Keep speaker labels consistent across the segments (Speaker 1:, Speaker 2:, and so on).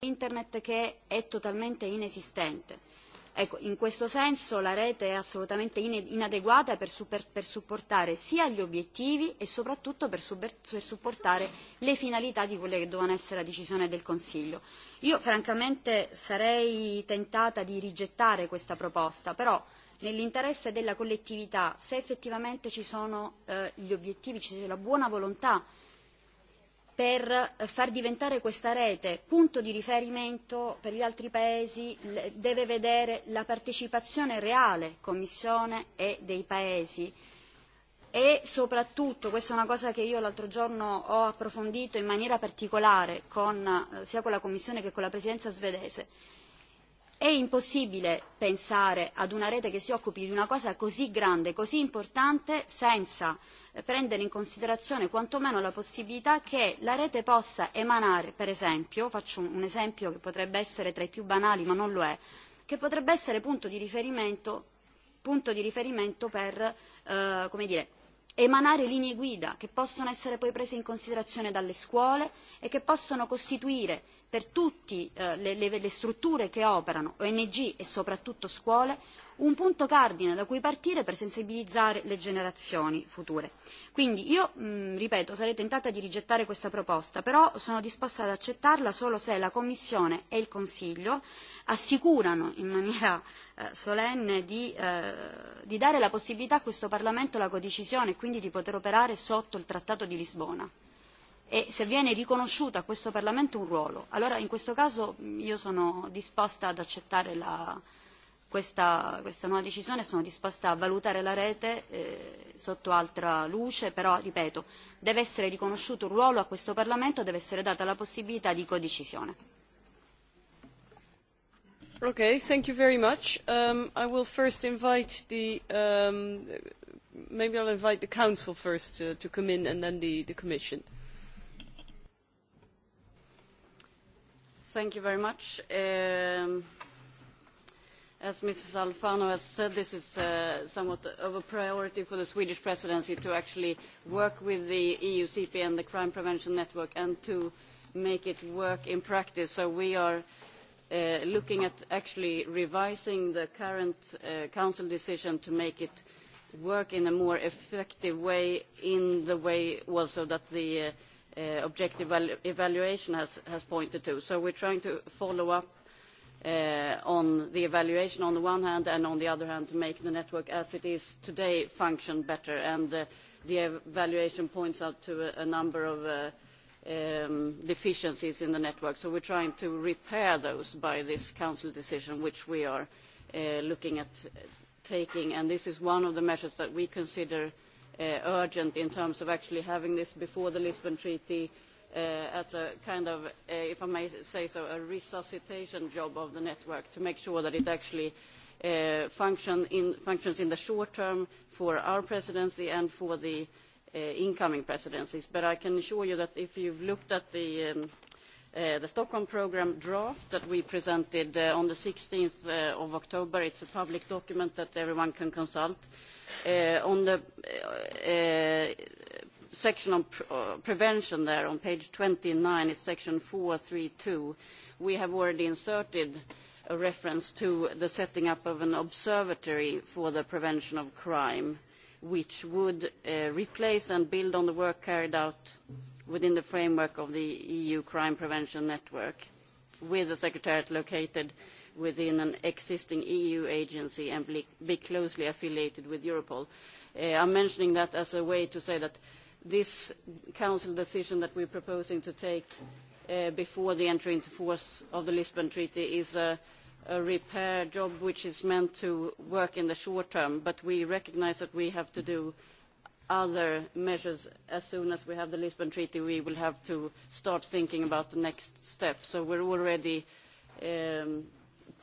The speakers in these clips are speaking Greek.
Speaker 1: internet che è totalmente inesistente. Ecco, in questo senso la rete è assolutamente inadeguata per supportare sia gli obiettivi e soprattutto per supportare le finalità di quelle che devono essere la decisione del Consiglio. Io francamente sarei tentata di rigettare questa proposta, però nell'interesse della collettività, se effettivamente ci sono gli obiettivi, ci c'è la buona volontà per far diventare questa rete punto di riferimento per gli altri paesi deve vedere la partecipazione reale Commissione e dei paesi e soprattutto, questa è una cosa che io l'altro giorno ho approfondito in maniera particolare sia con la Commissione che con la Presidenza svedese, È impossibile pensare ad una rete che si occupi di una cosa così grande, così importante, senza prendere in considerazione quantomeno la possibilità che la rete possa emanare, per esempio, faccio un esempio che potrebbe essere tra i più banali ma non lo è, che potrebbe essere punto di riferimento per come dire emanare linee guida che possono essere poi prese in considerazione dalle scuole e che possono costituire per tutte le strutture che operano, ONG e soprattutto scuole, un punto cardine da cui partire per sensibilizzare le generazioni future. Quindi io, ripeto, sarei tentata di rigettare questa proposta, però sono disposta ad accettarla solo se la Commissione e il Consiglio assicurano in maniera solenne di dare la possibilità a questo Parlamento la codecisione e quindi di poter operare sotto il Trattato di Lisbona e se viene riconosciuto a questo Parlamento un ruolo. Allora in questo caso io sono disposta ad accettare questa nuova decisione, sono disposta a valutare la rete sotto altra luce, però ripeto, deve essere riconosciuto un ruolo a questo Parlamento, deve essere data la possibilità di codecisione. Okay, thank you very much. I
Speaker 2: will first invite the, maybe I'll invite the Council first
Speaker 3: to come in and then the Commission. Thank you very much. As Mrs. Alfano has said, this is somewhat of a priority for the Swedish presidency to actually work with the EU CP and the Crime Prevention Network and to make it work in practice. So we are looking at actually revising the current Council decision to make it work in a more effective way in the way also that the objective evaluation has pointed to. So we're trying to follow up on the evaluation on the one hand and on the other hand to make the network as it is today function better. And the evaluation points out to a number of deficiencies in the network. So we're trying to repair those by this Council decision, which we are looking at taking. And this is one of the measures that we consider urgent in terms of actually having this before the Lisbon Treaty as a kind of, if I may say so, a resuscitation job of the network to make sure that it actually functions in the short term for our presidency and for the incoming presidencies. But I can assure you that if you've looked at the Stockholm Programme draft that we presented on the 16th of October, it's a public document that everyone can consult. On the section on prevention there, on page 29, it's section 432. We have already inserted a reference to the setting up of an observatory for the prevention of crime, which would replace and build on the work carried out within the framework of the EU Crime Prevention Network, with the secretariat located within an existing EU agency and be closely affiliated with Europol. I'm mentioning that as a way to say that this Council decision that we're proposing to take before the entry into force of the Lisbon Treaty is a repair job which is meant to work in the short term, but we recognize that we have to do other measures. As soon as we have the Lisbon Treaty, we will have to start thinking about the next step. So we're already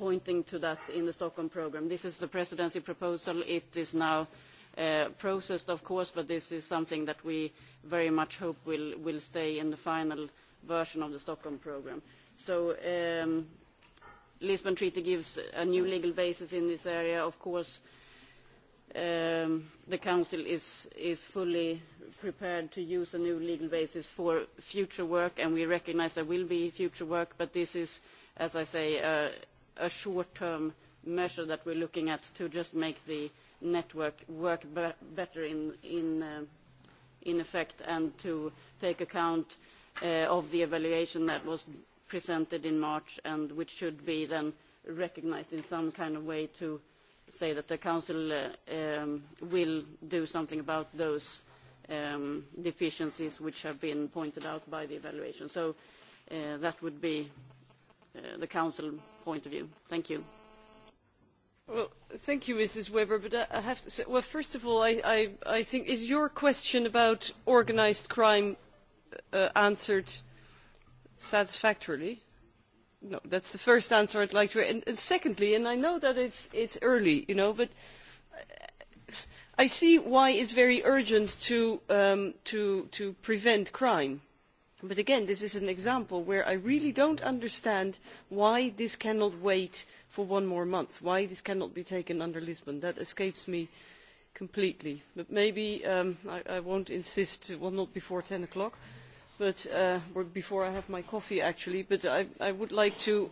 Speaker 3: pointing to that in the Stockholm programme. This is the presidency proposal. It is now processed, of course, but this is something that we very much hope will stay in the final version of the Stockholm programme. So Lisbon Treaty gives a new legal basis in this area. Of course, the Council is fully prepared to use a new legal basis for future work, and we recognise there will be future work, but this is, as I say, a short-term measure that we're looking at to just make the network work better in effect and to take account of the evaluation that was presented in March and which should be then recognised in some kind of way to say that the Council will do something about those deficiencies which have been pointed out by the evaluation. So that would be the Council point of view? Thank you. Well,
Speaker 2: thank you, Mrs. Weber. But I have to say, well, first of all, I I think is your question about organised crime answered satisfactorily? No, that's the first answer I'd like to. And secondly, and I know that it's it's early, you know, but I see why it's very urgent to to to prevent crime But again, this is an example where I really don't understand why this cannot wait for one more month, why this cannot be taken under Lisbon. That escapes me completely. But maybe I won't insist, well, not before 10 o'clock, but before I have my coffee actually. But I would like to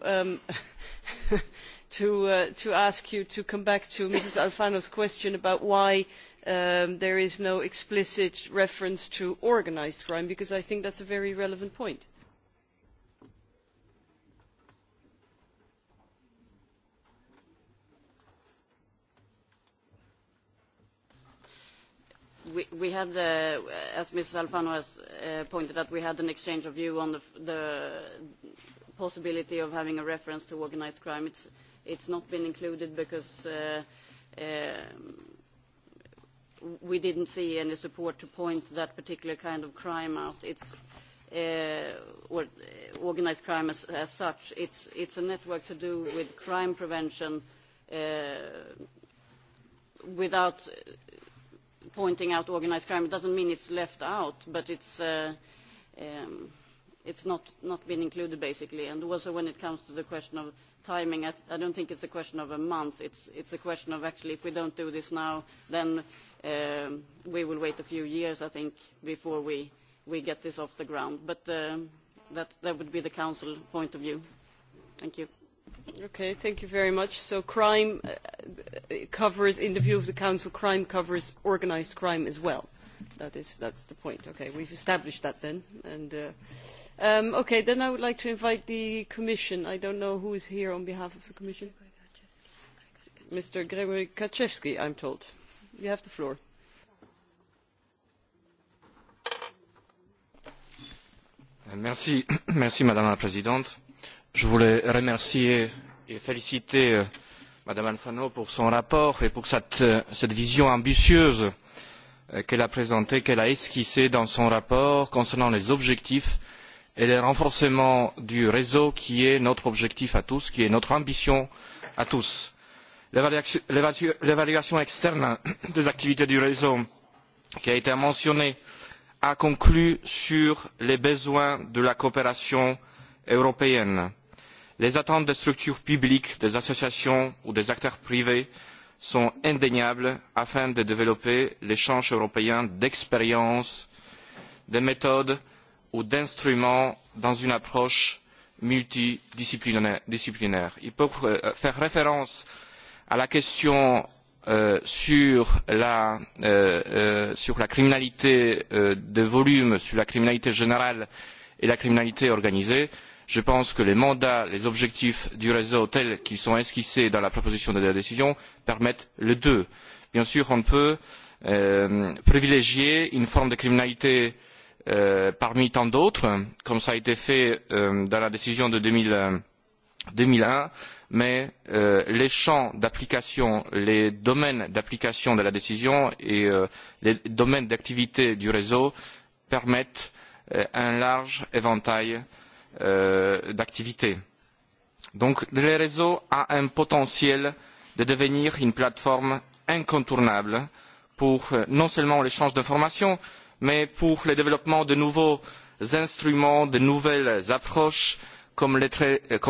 Speaker 2: to ask you to come back to Mrs. Alfano's question about why there is no explicit reference to organised crime because I think that's a very relevant point.
Speaker 3: We had, as Mrs. Alfano has pointed out, we had an exchange of view on the possibility of having a reference to organised crime. It's not been included because we didn't see any support to point that particular kind of crime out. It's or organised crime as such. It's a network to do with crime prevention without pointing out organised crime. It doesn't mean it's left out, but it's it's not been included, basically. And also when it comes to the question of timing, I don't think it's a question of a month. It's a question of actually if we don't do this now, then we will wait a few years, I think, before we we get this off the ground. But that that would be the council point of view. Thank you. Okay, thank you very much. So crime
Speaker 2: covers, in the view of the council, crime covers organised crime as well. That is, that's the point. Okay, we've established that then. And okay, then I would like to invite the Commission. I don't know who is here on behalf of the Commission. Mr. Gregory Kaczewski, I'm told.
Speaker 4: Merci, Madame la Présidente. Je voulais remercier et féliciter Madame Alfano pour son rapport et pour cette vision ambitieuse qu'elle a présentée, qu'elle a esquissée dans son rapport concernant les objectifs et le renforcement du réseau qui est notre objectif à tous, qui est notre ambition à tous L'évaluation externe des activités du réseau qui a été mentionnée a conclu sur les besoins de la coopération européenne. Les attentes des structures publiques, des associations ou des acteurs privés sont indéniables afin de développer l'échange européen d'expériences, de méthodes ou d'instruments dans une approche multidisciplinaire. Il peut faire référence à la question sur la criminalité de volume, sur la criminalité générale et la criminalité organisée, je pense que les mandats, les objectifs du réseau tels qu'ils sont esquissés dans la proposition de la décision permettent les deux. Bien sûr, on peut privilégier une forme de criminalité parmi tant d'autres, comme cela a été fait dans la décision de 2000 deux mille un mais les champs d'application les domaines d'application de la décision et les domaines d'activité du réseau permettent un large éventail d'activités. donc le réseau a un potentiel de devenir une plateforme incontournable pour non seulement l'échange d'informations mais pour le développement de nouveaux instruments de nouvelles approches comme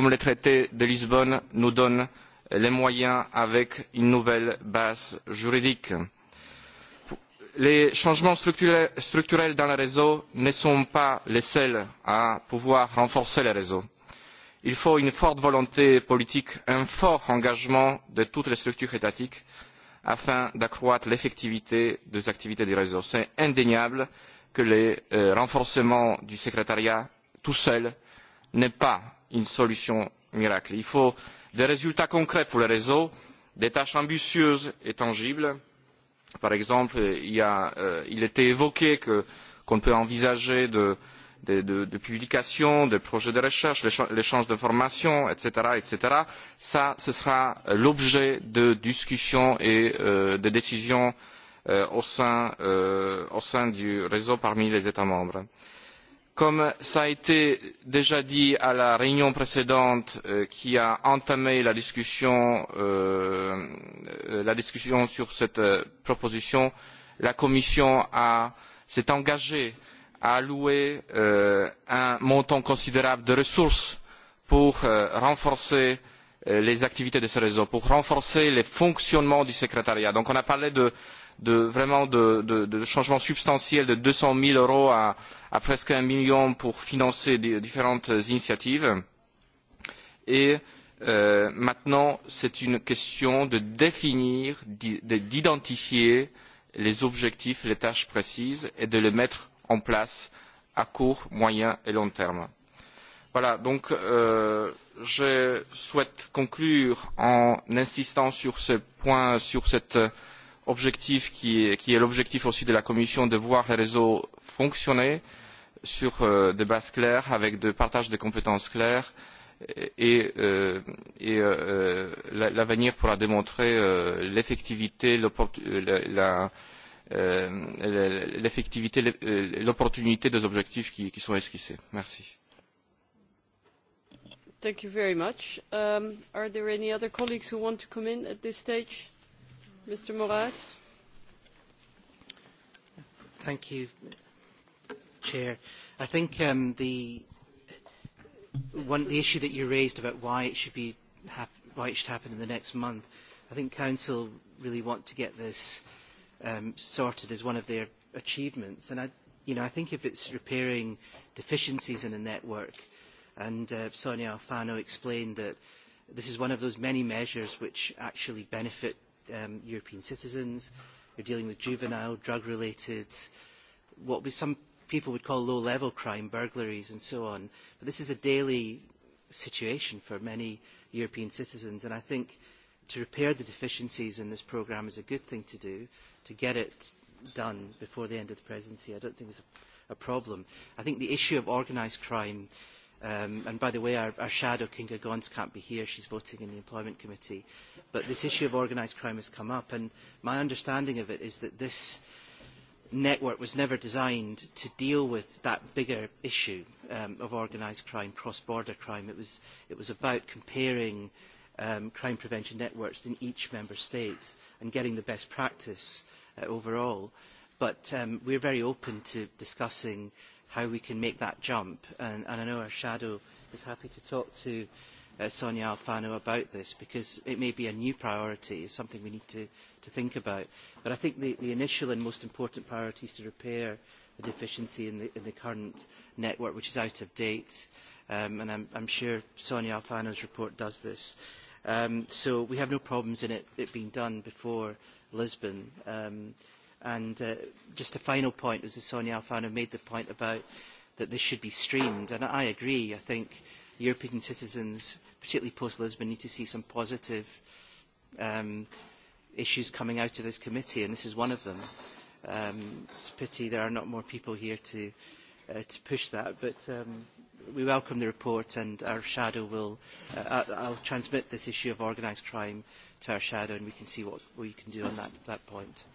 Speaker 4: le traité de Lisbonne nous donne les moyens avec une nouvelle base juridique. Les changements structurels dans le réseau ne sont pas les seuls à pouvoir renforcer le réseau. Il faut une forte volonté politique, un fort engagement de toutes les structures étatiques afin d'accroître l'effectivité des activités du réseau. C'est indéniable que les renforcements du secrétariat tout seul n'est pas une solution miracle. Il faut des résultats concrets pour le réseau, des tâches ambitieuses et tangibles. Par exemple, il a était évoqué qu'on peut envisager de publications, des projets de recherche, l'échange d'informations, etc. Ça, ce sera l'objet de discussions et de décisions au sein du réseau parmi les États membres. Comme cela a été déjà dit à la réunion précédente qui a entamé la discussion sur cette proposition, la Commission s'est engagée à allouer un montant considérable de ressources pour renforcer les activités de ce réseau, pour renforcer le fonctionnement du secrétariat. Donc on a parlé de de vraiment de changements substantiels de 200 000 euros à presque un million pour financer différentes initiatives. Et maintenant, c'est une question de définir, d'identifier les objectifs, les tâches précises et de les mettre en place à court, moyen et long terme. Voilà, donc je souhaite conclure en insistant sur ce point, sur cette objectif qui est l'objectif aussi de la Commission de voir les réseaux fonctionner sur des bases claires, avec des partages de compétences claires et l'avenir pourra démontrer l'effectivité, l'opportunité des objectifs qui sont esquissés. Merci.
Speaker 2: Thank you very much. Are there any other Mr. Moraes.
Speaker 5: Thank you, Chair. I think the issue that you raised about why it should be why happen in the next month, I think Council really want to get this sorted as one of their achievements. And I, I think if it's repairing deficiencies in a network, and Sonia Alfano explained that this is one of those many measures which actually benefit European citizens. are dealing with juvenile, drug-related, what some people would call low-level crime, burglaries and so on. But this is a daily situation for many European citizens, and I think to repair the deficiencies in this programme is a good thing to do, to get it done before the end of the presidency. I don't think it's a problem. I think the issue of organised crime And by the way, our shadow, Kinga Gons, can't be here. She's voting in the Employment Committee. But this issue of organised crime has come up, and my understanding of it is that this network was never designed to deal with that bigger issue of organised crime, cross-border crime. It was about comparing crime prevention networks in each member state and getting the best practice overall. But we're very open to discussing how we can make that jump. And I know our shadow is happy to talk to Sonia Alfano about this because it may be a new priority, something we need to think about. But I think the initial and most important priority is to repair the deficiency in the current network, which is out of date. And I'm sure Sonia Alfano's report does this. So we have no problems in it being done before Lisbon. And just a final point was Sonia Alfano made the point about that this should be streamed. And I agree. I think European citizens, particularly post-Lisbon, need to see some positive issues coming out of this committee, and this is one of them. It's a pity there are not more people here to push that, but we welcome the report and our shadow will, I'll transmit this issue of organised crime to our shadow and we can see what we can do on that point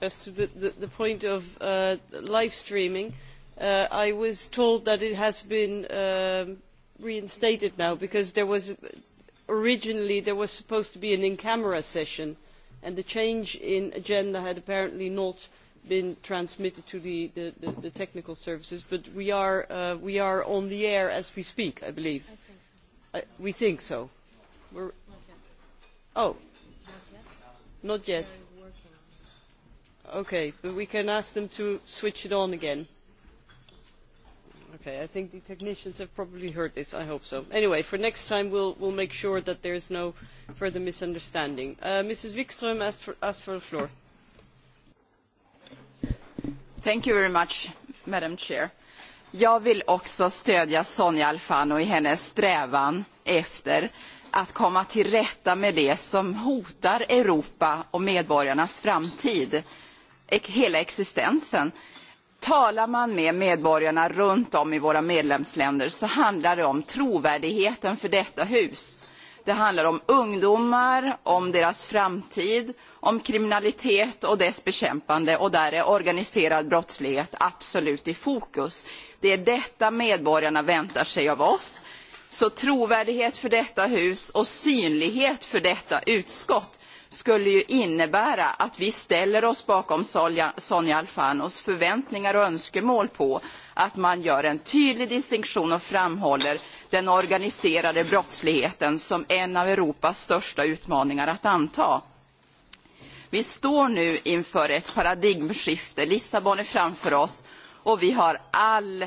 Speaker 2: as to the point of live streaming i was told that it has been reinstated now because there was originally there was supposed to be an in camera session and the change in agenda had apparently not been transmitted to the technical services but we are on the air as we speak i believe. we think so. oh not yet. Okay, but we can ask them to switch it on again. Okay, I think the technicians have probably heard this. I hope so. Anyway, for next time we'll we'll make sure that there is no further
Speaker 6: misunderstanding. Mrs. Wikström asked for the floor. Thank you very much, Madam Chair. Jag vill också stödja Sonja Alfano i hennes strävan efter att komma till rätta med det som hotar Europa och medborgarnas framtid hela existensen. Talar man med medborgarna runt om i våra medlemsländer så handlar det om trovärdigheten för detta hus. Det handlar om ungdomar, om deras framtid, om kriminalitet och dess bekämpande och där är organiserad brottslighet absolut i fokus. Det är detta medborgarna väntar sig av oss. Så trovärdighet för detta hus och synlighet för detta utskott skulle ju innebära att vi ställer oss bakom Sonja Alfanos förväntningar och önskemål på att man gör en tydlig distinktion och framhåller den organiserade brottsligheten som en av Europas största utmaningar att anta. Vi står nu inför ett paradigmskifte. Lissabon är framför oss och vi har all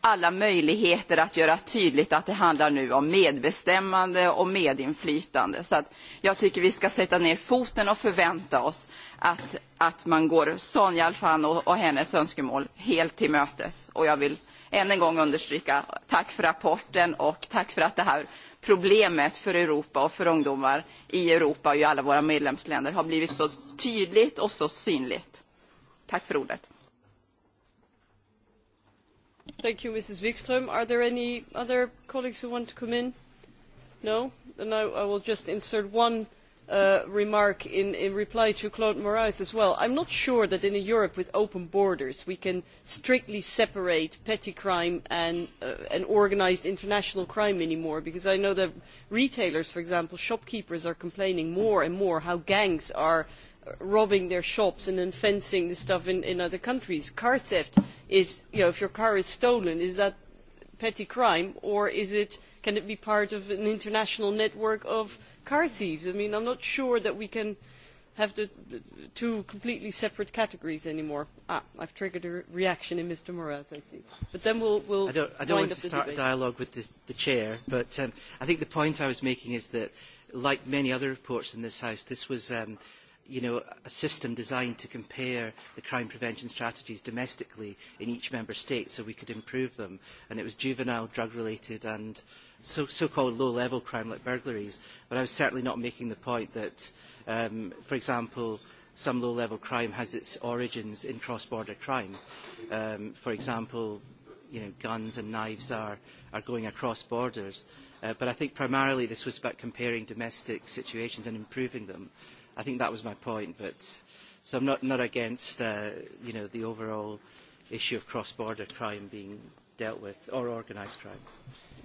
Speaker 6: alla möjligheter att göra tydligt att det handlar nu om medbestämmande och medinflytande. Så jag tycker vi ska sätta ner foten och förvänta oss att man går Sonja Alfano och hennes önskemål helt till mötes. Och jag vill än en gång understryka tack för rapporten och tack för att det här problemet för Europa och för ungdomar i Europa och i alla våra medlemsländer har blivit så tydligt och så synligt. Tack för ordet.
Speaker 2: Thank you, Mrs. Wikström. Are there any other colleagues who want to come in? No? Then I will just insert one remark in reply to Claude Moraes as well. I'm not sure that in a Europe with open borders we can strictly separate petty crime and organised international crime anymore, because I know that retailers, for example, shopkeepers are complaining more and more how gangs are robbing their shops and then fencing the stuff in other countries. Car theft is, you know, if your car is stolen, is that petty crime or is it, can it be part of an international network of car thieves? I mean, I'm not sure that we can have the two completely separate categories anymore. Ah, I've triggered a reaction in Mr. Moraes, I see.
Speaker 5: But then we'll, we'll I don't, I don't want to start a dialogue with the, chair, but I think the point I was making is that, like many other reports in this House, this was a system designed to compare the crime prevention strategies domestically in each member state so we could improve them. And it was juvenile, drug-related and so-called low-level crime like burglaries. But I was certainly not making the point that, for example, some low-level crime has its origins in cross-border crime. For example, guns and knives are going across borders. But I think primarily this was about comparing domestic situations and improving them I think that was my point, but so I'm not against the overall issue of cross-border crime being dealt with, or organised crime.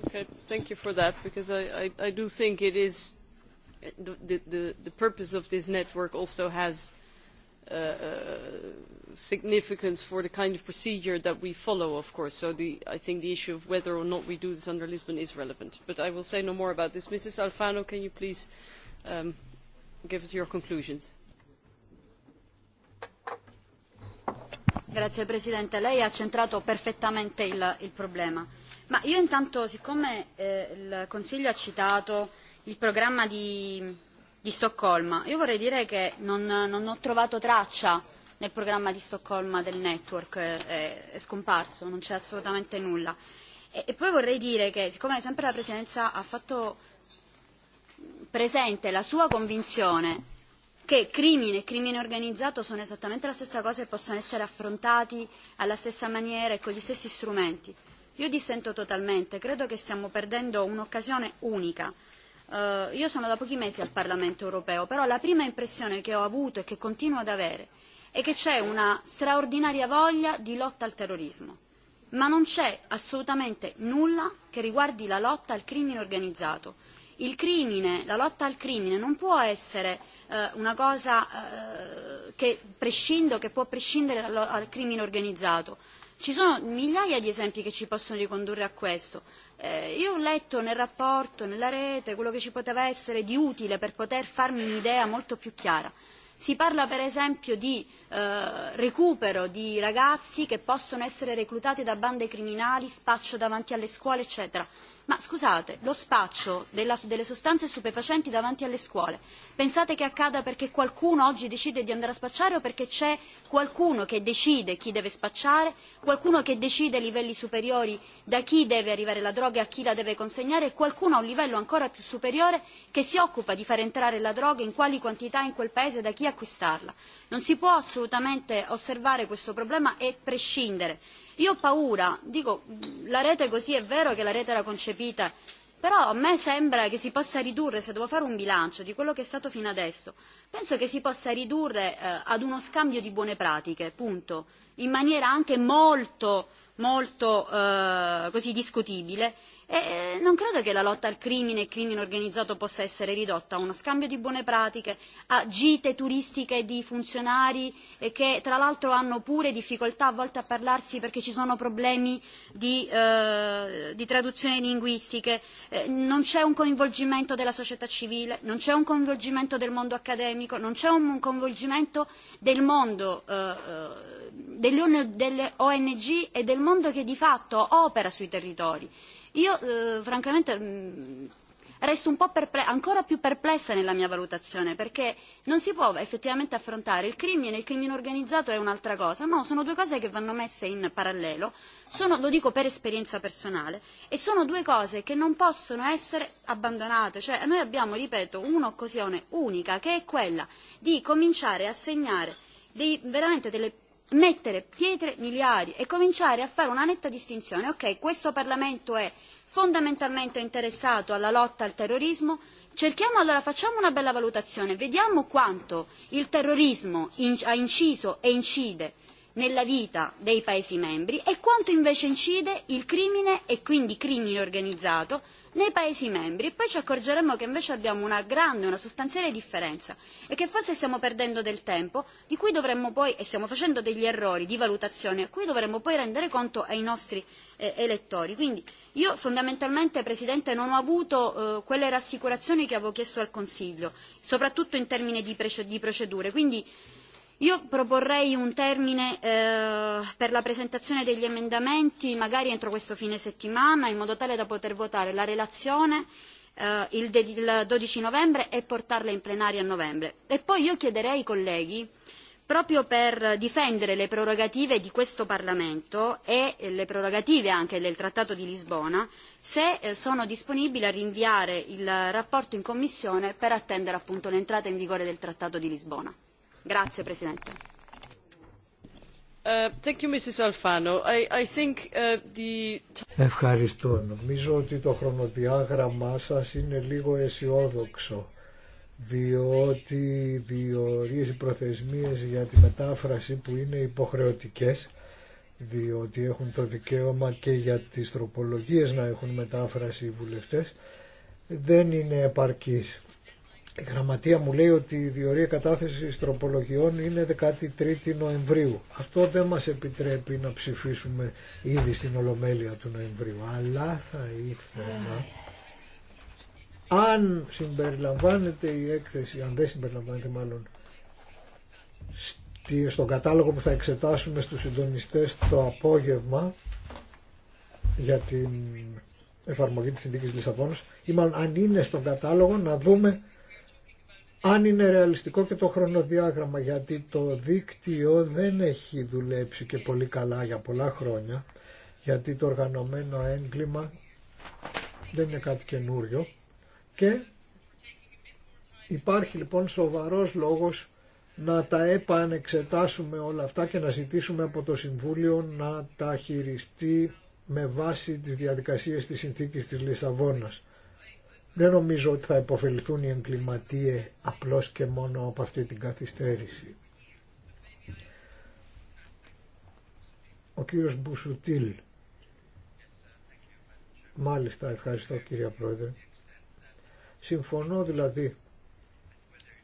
Speaker 2: Okay, thank you for that, because I do think it is the purpose of this network also has significance for the kind of procedure that we follow, of course. So I think the issue of whether or not we do this under Lisbon is relevant. But I will say no more about this. Mrs. Alfano, can you please give us your conclusions.
Speaker 1: Grazie Presidente, lei ha centrato perfettamente il problema. Ma io intanto, siccome il Consiglio ha citato il programma di Stoccolma, io vorrei dire che non ho trovato traccia nel programma di Stoccolma del network, è scomparso, non c'è assolutamente nulla. E poi vorrei dire che, siccome sempre la Presidenza ha fatto presente la sua convinzione che crimine e crimine organizzato sono esattamente la stessa cosa e possono essere affrontati alla stessa maniera e con gli stessi strumenti. Io dissento totalmente, credo che stiamo perdendo un'occasione unica. Io sono da pochi mesi al Parlamento europeo, però la prima impressione che ho avuto e che continuo ad avere è che c'è una straordinaria voglia di lotta al terrorismo, ma non c'è assolutamente nulla che riguardi la lotta al crimine organizzato il crimine, la lotta al crimine non può essere una cosa che che può prescindere dal crimine organizzato. Ci sono migliaia di esempi che ci possono ricondurre a questo. Io ho letto nel rapporto, nella rete, quello che ci poteva essere di utile per poter farmi un'idea molto più chiara. Si parla per esempio di recupero di ragazzi che possono essere reclutati da bande criminali, spaccio davanti alle scuole, eccetera. Ma scusate, lo spaccio delle sostanze stupefacenti davanti alle scuole, pensate che accada perché qualcuno oggi decide di andare a spacciare o perché c'è qualcuno che decide chi deve spacciare, qualcuno che decide a livelli superiori da chi deve arrivare la droga e a chi la deve consegnare e qualcuno a un livello ancora più superiore che si occupa di far entrare la droga in quali quantità in quel paese e da chi acquistarla. Non si può assolutamente osservare questo problema e prescindere Io ho paura, dico, la rete così è vero che la rete era concepita, però a me sembra che si possa ridurre, se devo fare un bilancio di quello che è stato fino adesso, penso che si possa ridurre ad uno scambio di buone pratiche, punto, in maniera anche molto, molto così discutibile E non credo che la lotta al crimine e al crimine organizzato possa essere ridotta a uno scambio di buone pratiche, a gite turistiche di funzionari che tra l'altro hanno pure difficoltà a volte a parlarsi perché ci sono problemi di traduzioni linguistiche, non c'è un coinvolgimento della società civile, non c'è un coinvolgimento del mondo accademico, non c'è un coinvolgimento del mondo delle ONG e del mondo che di fatto opera sui territori Io francamente resto un po' ancora più perplessa nella mia valutazione, perché non si può effettivamente affrontare il crimine, e il crimine organizzato è un'altra cosa, no, sono due cose che vanno messe in parallelo, sono, lo dico per esperienza personale, e sono due cose che non possono essere abbandonate, cioè noi abbiamo, ripeto, un'occasione unica, che è quella di cominciare a segnare dei, veramente delle mettere pietre miliari e cominciare a fare una netta distinzione. Ok, questo Parlamento è fondamentalmente interessato alla lotta al terrorismo, cerchiamo allora, facciamo una bella valutazione, vediamo quanto il terrorismo ha inciso e incide nella vita dei Paesi membri e quanto invece incide il crimine e quindi il crimine organizzato nei Paesi membri e poi ci accorgeremo che invece abbiamo una grande, una sostanziale differenza e che forse stiamo perdendo del tempo di cui dovremmo poi, e stiamo facendo degli errori di valutazione, a cui dovremmo poi rendere conto ai nostri elettori. Quindi io fondamentalmente, Presidente, non ho avuto quelle rassicurazioni che avevo chiesto al Consiglio, soprattutto in termini di procedure. Quindi Io proporrei un termine per la presentazione degli emendamenti, magari entro questo fine settimana, in modo tale da poter votare la relazione il 12 novembre e portarla in plenaria a novembre. E poi io chiederei ai colleghi, proprio per difendere le prerogative di questo Parlamento e le prerogative anche del Trattato di Lisbona, se sono disponibili a rinviare il rapporto in Commissione per attendere appunto l'entrata in vigore del Trattato di Lisbona.
Speaker 7: Ευχαριστώ. Νομίζω ότι το χρονοδιάγραμμά σας είναι λίγο αισιόδοξο διότι οι προθεσμίες για τη μετάφραση που είναι υποχρεωτικές διότι έχουν το δικαίωμα και για τις τροπολογίες να έχουν μετάφραση οι βουλευτές δεν είναι επαρκής. Η γραμματεία μου λέει ότι η διορία κατάθεσης τροπολογιών είναι 13η Νοεμβρίου. Αυτό δεν μας επιτρέπει να ψηφίσουμε ήδη στην Ολομέλεια του Νοεμβρίου. Αλλά θα ήθελα, αν συμπεριλαμβάνεται η έκθεση, αν δεν συμπεριλαμβάνεται μάλλον, στον κατάλογο που θα εξετάσουμε στους συντονιστές το απόγευμα για την εφαρμογή της Συνδίκης Λισαβόνας ή μάλλον αν είναι στον κατάλογο να δούμε αν είναι ρεαλιστικό και το χρονοδιάγραμμα γιατί το δίκτυο δεν έχει δουλέψει και πολύ καλά για πολλά χρόνια γιατί το οργανωμένο έγκλημα δεν είναι κάτι καινούριο και υπάρχει λοιπόν σοβαρός λόγος να τα επανεξετάσουμε όλα αυτά και να ζητήσουμε από το Συμβούλιο να τα χειριστεί με βάση τις διαδικασίες της συνθήκης της Λισαβόνας. Δεν νομίζω ότι θα υποφεληθούν οι εγκληματίε απλώς και μόνο από αυτή την καθυστέρηση. Ο κύριος Μπουσουτήλ. Μάλιστα, ευχαριστώ κύριε Πρόεδρε. Συμφωνώ δηλαδή.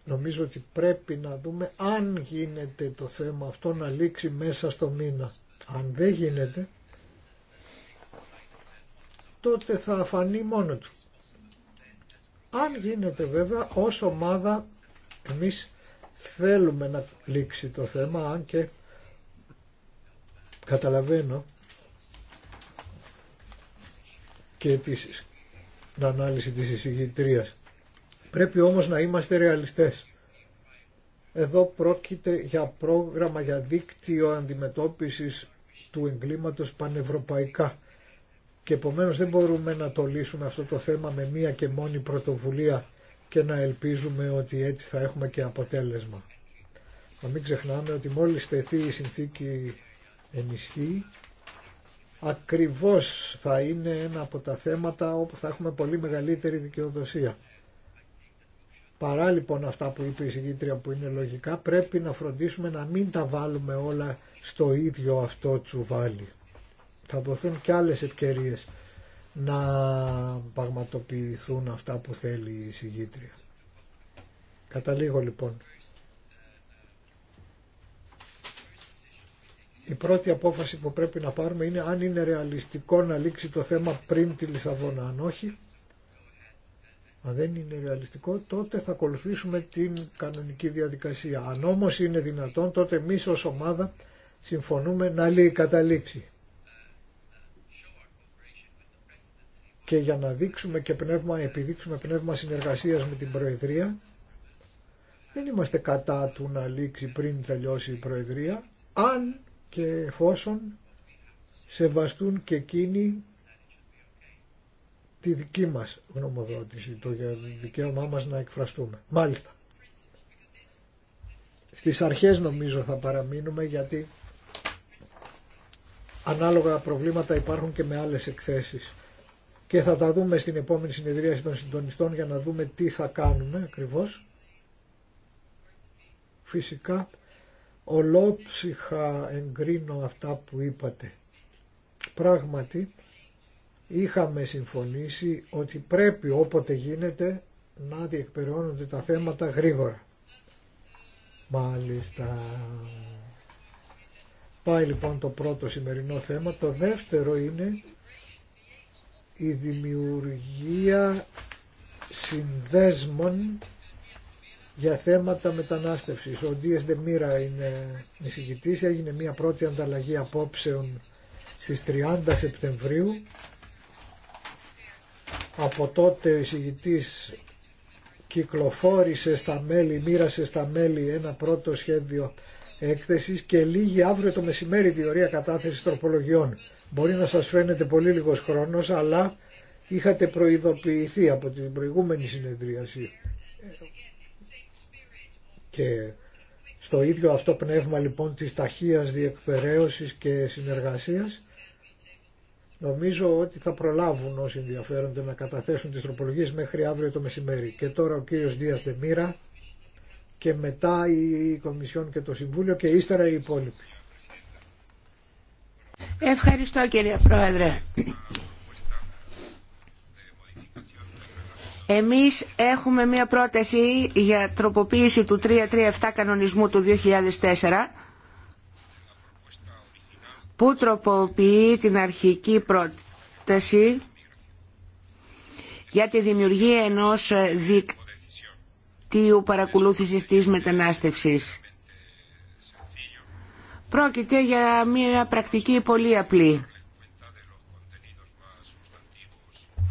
Speaker 7: Νομίζω ότι πρέπει να δούμε αν γίνεται το θέμα αυτό να λήξει μέσα στο μήνα. Αν δεν γίνεται, τότε θα αφανεί μόνο του. Αν γίνεται βέβαια ως ομάδα εμείς θέλουμε να λήξει το θέμα αν και καταλαβαίνω και της, την ανάλυση της εισηγητρίας. Πρέπει όμως να είμαστε ρεαλιστές. Εδώ πρόκειται για πρόγραμμα για δίκτυο αντιμετώπισης του εγκλήματος πανευρωπαϊκά και επομένω δεν μπορούμε να το λύσουμε αυτό το θέμα με μία και μόνη πρωτοβουλία και να ελπίζουμε ότι έτσι θα έχουμε και αποτέλεσμα. Να μην ξεχνάμε ότι μόλις τεθεί η συνθήκη ενισχύει, ακριβώς θα είναι ένα από τα θέματα όπου θα έχουμε πολύ μεγαλύτερη δικαιοδοσία. Παρά λοιπόν αυτά που είπε η συγκήτρια που είναι λογικά, πρέπει να φροντίσουμε να μην τα βάλουμε όλα στο ίδιο αυτό τσουβάλι θα δοθούν και άλλες ευκαιρίες να πραγματοποιηθούν αυτά που θέλει η συγγήτρια. Καταλήγω λοιπόν. Η πρώτη απόφαση που πρέπει να πάρουμε είναι αν είναι ρεαλιστικό να λήξει το θέμα πριν τη Λισαβόνα. Αν όχι, αν δεν είναι ρεαλιστικό, τότε θα ακολουθήσουμε την κανονική διαδικασία. Αν όμως είναι δυνατόν, τότε εμεί ως ομάδα συμφωνούμε να καταλήξει. και για να δείξουμε και πνεύμα, επιδείξουμε πνεύμα συνεργασίας με την Προεδρία. Δεν είμαστε κατά του να λήξει πριν τελειώσει η Προεδρία, αν και εφόσον σεβαστούν και εκείνοι τη δική μας γνωμοδότηση, το δικαίωμά μας να εκφραστούμε. Μάλιστα. Στις αρχές νομίζω θα παραμείνουμε γιατί ανάλογα προβλήματα υπάρχουν και με άλλες εκθέσεις και θα τα δούμε στην επόμενη συνεδρίαση των συντονιστών για να δούμε τι θα κάνουμε ακριβώς. Φυσικά ολόψυχα εγκρίνω αυτά που είπατε. Πράγματι είχαμε συμφωνήσει ότι πρέπει όποτε γίνεται να διεκπεραιώνονται τα θέματα γρήγορα. Μάλιστα. Πάει λοιπόν το πρώτο σημερινό θέμα. Το δεύτερο είναι η δημιουργία συνδέσμων για θέματα μετανάστευσης. Ο Ντίας Δεμίρα είναι εισηγητής, έγινε μια πρώτη ανταλλαγή απόψεων στις 30 Σεπτεμβρίου. Από τότε ο εισηγητής κυκλοφόρησε στα μέλη, μοίρασε στα μέλη ένα πρώτο σχέδιο έκθεσης και λίγη αύριο το μεσημέρι διορία κατάθεσης τροπολογιών. Μπορεί να σας φαίνεται πολύ λίγος χρόνος, αλλά είχατε προειδοποιηθεί από την προηγούμενη συνεδρίαση. Και στο ίδιο αυτό πνεύμα λοιπόν της ταχείας διεκπαιρέωσης και συνεργασίας, νομίζω ότι θα προλάβουν όσοι ενδιαφέρονται να καταθέσουν τις τροπολογίες μέχρι αύριο το μεσημέρι. Και τώρα ο κύριος Δίας Δεμήρα και μετά η Κομισιόν και το Συμβούλιο και ύστερα οι υπόλοιποι.
Speaker 8: Ευχαριστώ κύριε Πρόεδρε. Εμείς έχουμε μία πρόταση για τροποποίηση του 337 κανονισμού του 2004 που τροποποιεί την αρχική πρόταση για τη δημιουργία ενός δικτύου παρακολούθησης της μετανάστευσης. Πρόκειται για μια πρακτική πολύ απλή.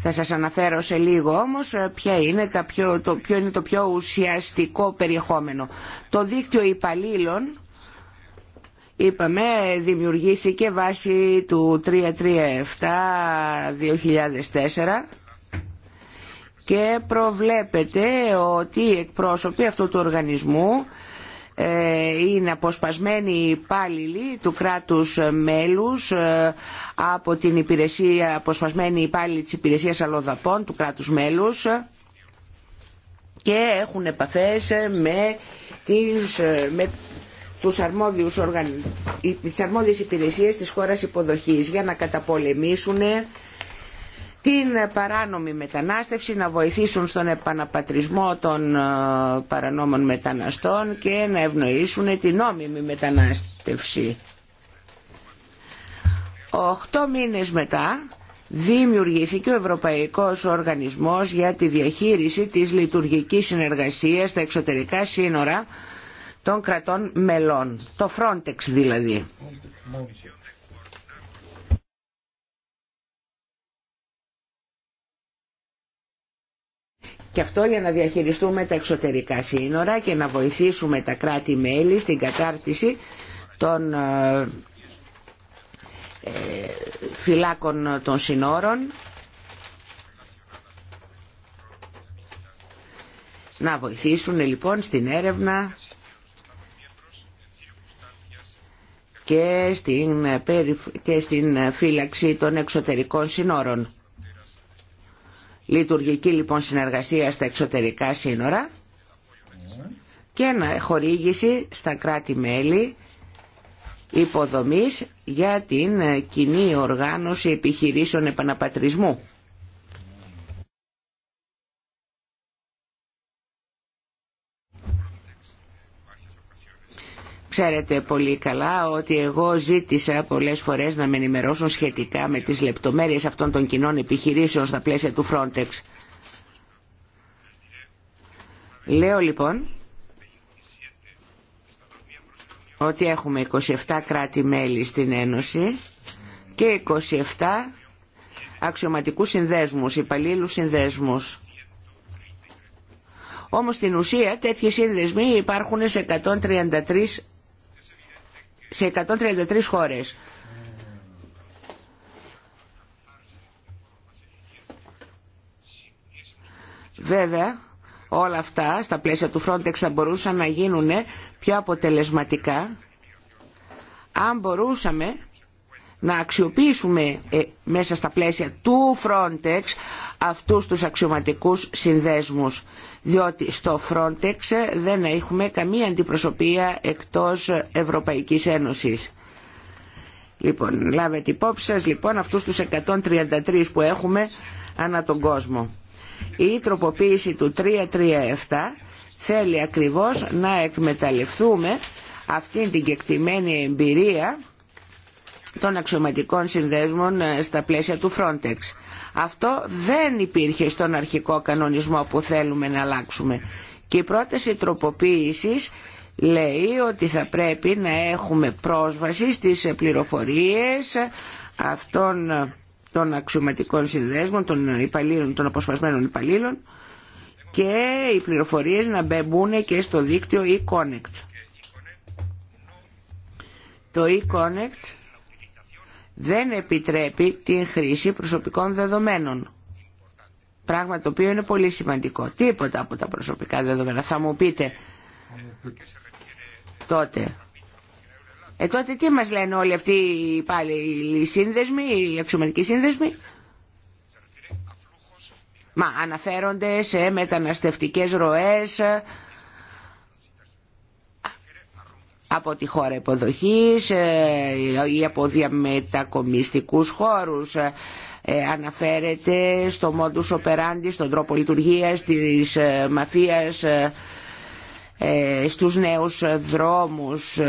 Speaker 8: Θα σας αναφέρω σε λίγο όμως ποια είναι τα πιο, το, ποιο είναι το πιο ουσιαστικό περιεχόμενο. Το δίκτυο υπαλλήλων, είπαμε, δημιουργήθηκε βάσει του 337-2004 και προβλέπεται ότι οι εκπρόσωποι αυτού του οργανισμού ε, είναι αποσπασμένοι υπάλληλοι του κράτους μέλους ε, από την υπηρεσία, αποσπασμένοι υπάλληλοι της υπηρεσίας αλλοδαπών του κράτους μέλους και έχουν επαφές με τις, ε, με τους αρμόδιους οργαν... τις αρμόδιες υπηρεσίες της χώρας υποδοχής για να καταπολεμήσουν την παράνομη μετανάστευση, να βοηθήσουν στον επαναπατρισμό των ε, παρανόμων μεταναστών και να ευνοήσουν την νόμιμη μετανάστευση. Οχτώ μήνες μετά δημιουργήθηκε ο Ευρωπαϊκός Οργανισμός για τη διαχείριση της λειτουργικής συνεργασίας στα εξωτερικά σύνορα των κρατών μελών, το Frontex δηλαδή. Και αυτό για να διαχειριστούμε τα εξωτερικά σύνορα και να βοηθήσουμε τα κράτη-μέλη στην κατάρτιση των ε, ε, φυλάκων των συνόρων να βοηθήσουν λοιπόν στην έρευνα και στην, ε, και στην φύλαξη των εξωτερικών συνόρων λειτουργική λοιπόν συνεργασία στα εξωτερικά σύνορα και να χορήγηση στα κράτη-μέλη υποδομής για την ε, κοινή οργάνωση επιχειρήσεων επαναπατρισμού. Ξέρετε πολύ καλά ότι εγώ ζήτησα πολλές φορές να με ενημερώσουν σχετικά με τις λεπτομέρειες αυτών των κοινών επιχειρήσεων στα πλαίσια του Frontex. Λέω λοιπόν ότι έχουμε 27 κράτη-μέλη στην Ένωση και 27 αξιωματικούς συνδέσμους, υπαλλήλους συνδέσμους. Όμως στην ουσία τέτοιοι σύνδεσμοι υπάρχουν σε 133 σε 133 χώρες. Βέβαια, όλα αυτά στα πλαίσια του Frontex θα μπορούσαν να γίνουν πιο αποτελεσματικά αν μπορούσαμε να αξιοποιήσουμε ε, μέσα στα πλαίσια του Frontex αυτούς τους αξιωματικούς συνδέσμους διότι στο Frontex δεν έχουμε καμία αντιπροσωπεία εκτός Ευρωπαϊκής Ένωσης. Λοιπόν, λάβετε υπόψη σας λοιπόν αυτούς τους 133 που έχουμε ανά τον κόσμο. Η τροποποίηση του 337 θέλει ακριβώς να εκμεταλλευτούμε αυτήν την κεκτημένη εμπειρία των αξιωματικών συνδέσμων ε, στα πλαίσια του Frontex. Αυτό δεν υπήρχε στον αρχικό κανονισμό που θέλουμε να αλλάξουμε. Και η πρόταση τροποποίησης λέει ότι θα πρέπει να έχουμε πρόσβαση στις πληροφορίες αυτών ε, των αξιωματικών συνδέσμων, των, υπαλλήλων, των αποσπασμένων υπαλλήλων και οι πληροφορίες να μπουν και στο δίκτυο e-Connect. Το e-Connect δεν επιτρέπει την χρήση προσωπικών δεδομένων. Πράγμα το οποίο είναι πολύ σημαντικό. Τίποτα από τα προσωπικά δεδομένα. Θα μου πείτε τότε. Ε, τότε τι μας λένε όλοι αυτοί πάλι οι σύνδεσμοι, οι αξιωματικοί σύνδεσμοι. Μα αναφέρονται σε μεταναστευτικές ροές, από τη χώρα υποδοχής ε, ή από διαμετακομιστικούς χώρους. Ε, ε, αναφέρεται στο μόντους operandi, στον τρόπο λειτουργίας της μαφίας, στους νέους δρόμους,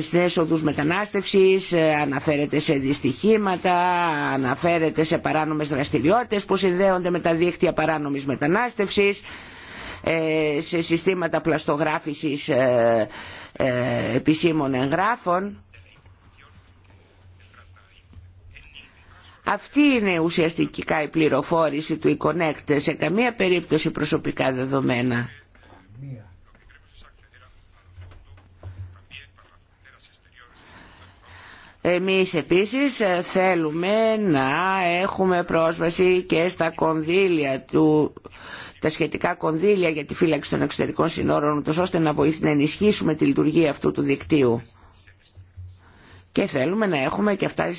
Speaker 8: στις έσοδους μετανάστευσης, αναφέρεται σε δυστυχήματα, αναφέρεται σε παράνομες δραστηριότητες που συνδέονται με τα δίκτυα παράνομης μετανάστευσης. Ε, σε συστήματα πλαστογράφησης ε, ε, επισήμων εγγράφων. Αυτή είναι ουσιαστικά η πληροφόρηση του e σε καμία περίπτωση προσωπικά δεδομένα. Εμείς επίσης θέλουμε να έχουμε πρόσβαση και στα κονδύλια του τα σχετικά κονδύλια για τη φύλαξη των εξωτερικών συνόρων, ώστε να βοηθήσουμε να ενισχύσουμε τη λειτουργία αυτού του δικτύου. Και θέλουμε να έχουμε και αυτά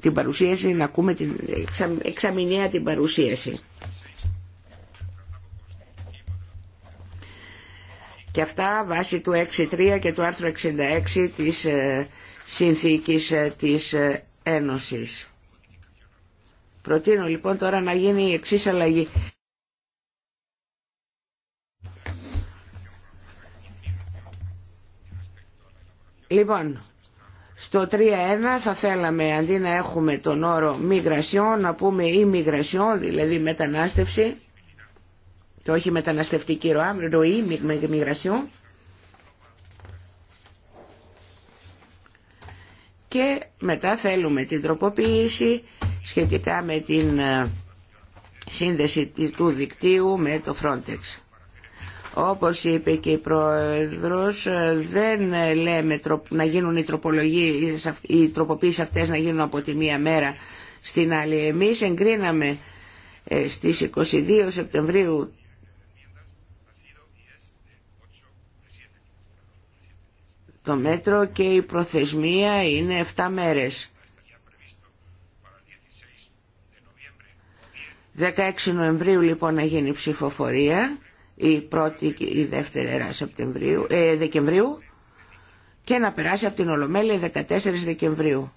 Speaker 8: την παρουσίαση, να ακούμε την εξαμηνία την παρουσίαση. Και αυτά βάσει του 6.3 και του άρθρου 66 της ε, Συνθήκης ε, της ε, Ένωσης. Προτείνω λοιπόν τώρα να γίνει η εξής αλλαγή. Λοιπόν, στο 3.1 θα θέλαμε αντί να έχουμε τον όρο migration να πούμε immigration, δηλαδή μετανάστευση και όχι μεταναστευτική ροά, ροή, migration. Και μετά θέλουμε την τροποποίηση σχετικά με την ε, σύνδεση του δικτύου με το Frontex. Όπως είπε και η Πρόεδρος, δεν λέμε να γίνουν οι τροπολογίες, οι τροποποίησεις αυτές να γίνουν από τη μία μέρα στην άλλη. Εμείς εγκρίναμε ε, στις 22 Σεπτεμβρίου το μέτρο και η προθεσμία είναι 7 μέρες. 16 Νοεμβρίου λοιπόν να γίνει ψηφοφορία η πρώτη και η δεύτερη Σεπτεμβρίου, ε, Δεκεμβρίου και να περάσει από την Ολομέλεια 14 Δεκεμβρίου.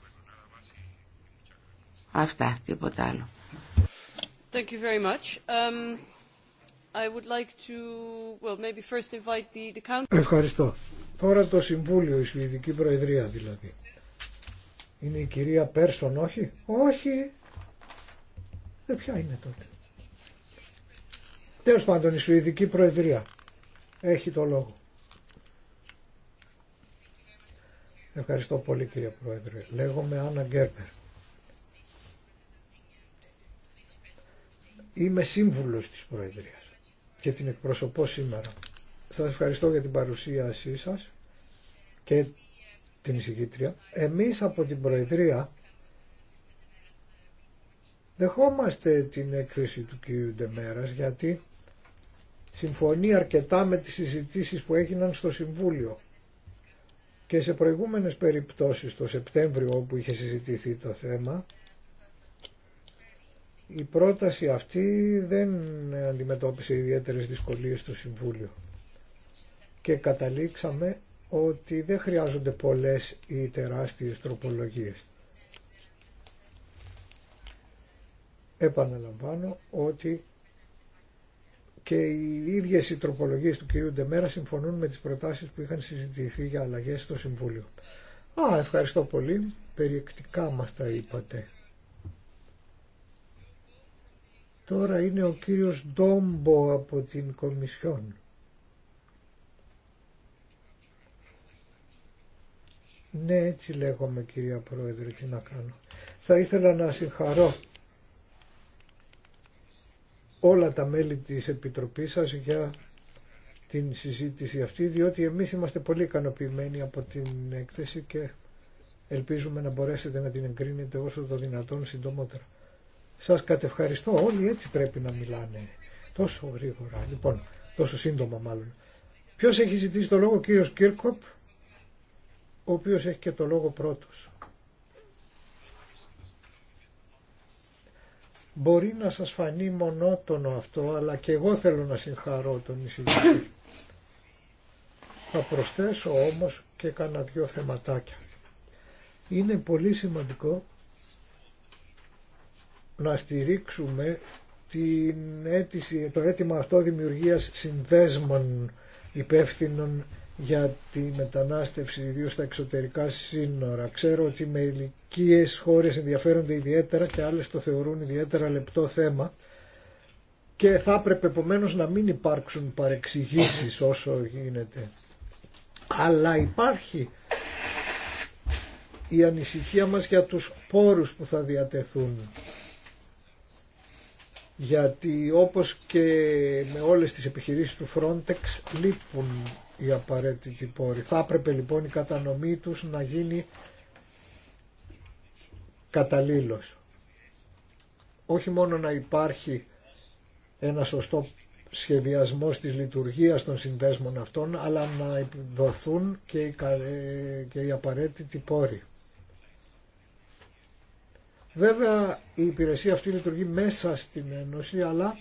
Speaker 8: Αυτά, τίποτα άλλο.
Speaker 2: Thank you very much. Um, I would like to, well, maybe first invite the, the council.
Speaker 7: Ευχαριστώ. Τώρα το Συμβούλιο, η Σουηδική Προεδρία δηλαδή. Είναι η κυρία Πέρσον, όχι. Όχι. Δεν πια είναι τότε. Τέλος πάντων η Σουηδική Προεδρία έχει το λόγο. Ευχαριστώ πολύ κύριε Πρόεδρε. Λέγομαι Άννα Γκέρπερ. Είμαι σύμβουλος της Προεδρίας και την εκπροσωπώ σήμερα. Σας ευχαριστώ για την παρουσίασή σας και την εισηγήτρια. Εμείς από την Προεδρία δεχόμαστε την έκθεση του κύριου Ντεμέρας γιατί συμφωνεί αρκετά με τις συζητήσεις που έγιναν στο Συμβούλιο και σε προηγούμενες περιπτώσεις το Σεπτέμβριο όπου είχε συζητηθεί το θέμα η πρόταση αυτή δεν αντιμετώπισε ιδιαίτερες δυσκολίες στο Συμβούλιο και καταλήξαμε ότι δεν χρειάζονται πολλές ή τεράστιες τροπολογίες. Επαναλαμβάνω ότι και οι ίδιε οι τροπολογίε του κυρίου Ντεμέρα συμφωνούν με τις προτάσεις που είχαν συζητηθεί για αλλαγές στο Συμβούλιο. Α, ευχαριστώ πολύ. Περιεκτικά μας τα είπατε. Τώρα είναι ο κύριος Ντόμπο από την Κομισιόν. Ναι, έτσι λέγομαι κυρία Πρόεδρε, τι να κάνω. Θα ήθελα να συγχαρώ όλα τα μέλη της Επιτροπής σας για την συζήτηση αυτή, διότι εμείς είμαστε πολύ ικανοποιημένοι από την έκθεση και ελπίζουμε να μπορέσετε να την εγκρίνετε όσο το δυνατόν συντομότερα. Σας κατευχαριστώ, όλοι έτσι πρέπει να μιλάνε, τόσο γρήγορα, λοιπόν, τόσο σύντομα μάλλον. Ποιος έχει ζητήσει το λόγο, κύριος Κίρκοπ, ο οποίος έχει και το λόγο πρώτος. Μπορεί να σας φανεί μονότονο αυτό, αλλά και εγώ θέλω να συγχαρώ τον εισηγητή. Θα προσθέσω όμως και κάνα δυο θεματάκια. Είναι πολύ σημαντικό να στηρίξουμε την αίτηση, το αίτημα αυτό δημιουργίας συνδέσμων υπεύθυνων για τη μετανάστευση ιδίως στα εξωτερικά σύνορα. Ξέρω ότι με Ποιες χώρες ενδιαφέρονται ιδιαίτερα και άλλες το θεωρούν ιδιαίτερα λεπτό θέμα και θα έπρεπε επομένω να μην υπάρξουν παρεξηγήσεις όσο γίνεται. Αλλά υπάρχει η ανησυχία μας για τους πόρους που θα διατεθούν. Γιατί όπως και με όλες τις επιχειρήσεις του Frontex λείπουν οι απαραίτητοι πόροι. Θα έπρεπε λοιπόν η κατανομή τους να γίνει καταλήλως. Όχι μόνο να υπάρχει ένα σωστό σχεδιασμό της λειτουργίας των συνδέσμων αυτών, αλλά να δοθούν και οι, ε, και οι απαραίτητοι πόροι. Βέβαια η υπηρεσία αυτή λειτουργεί μέσα στην Ένωση, αλλά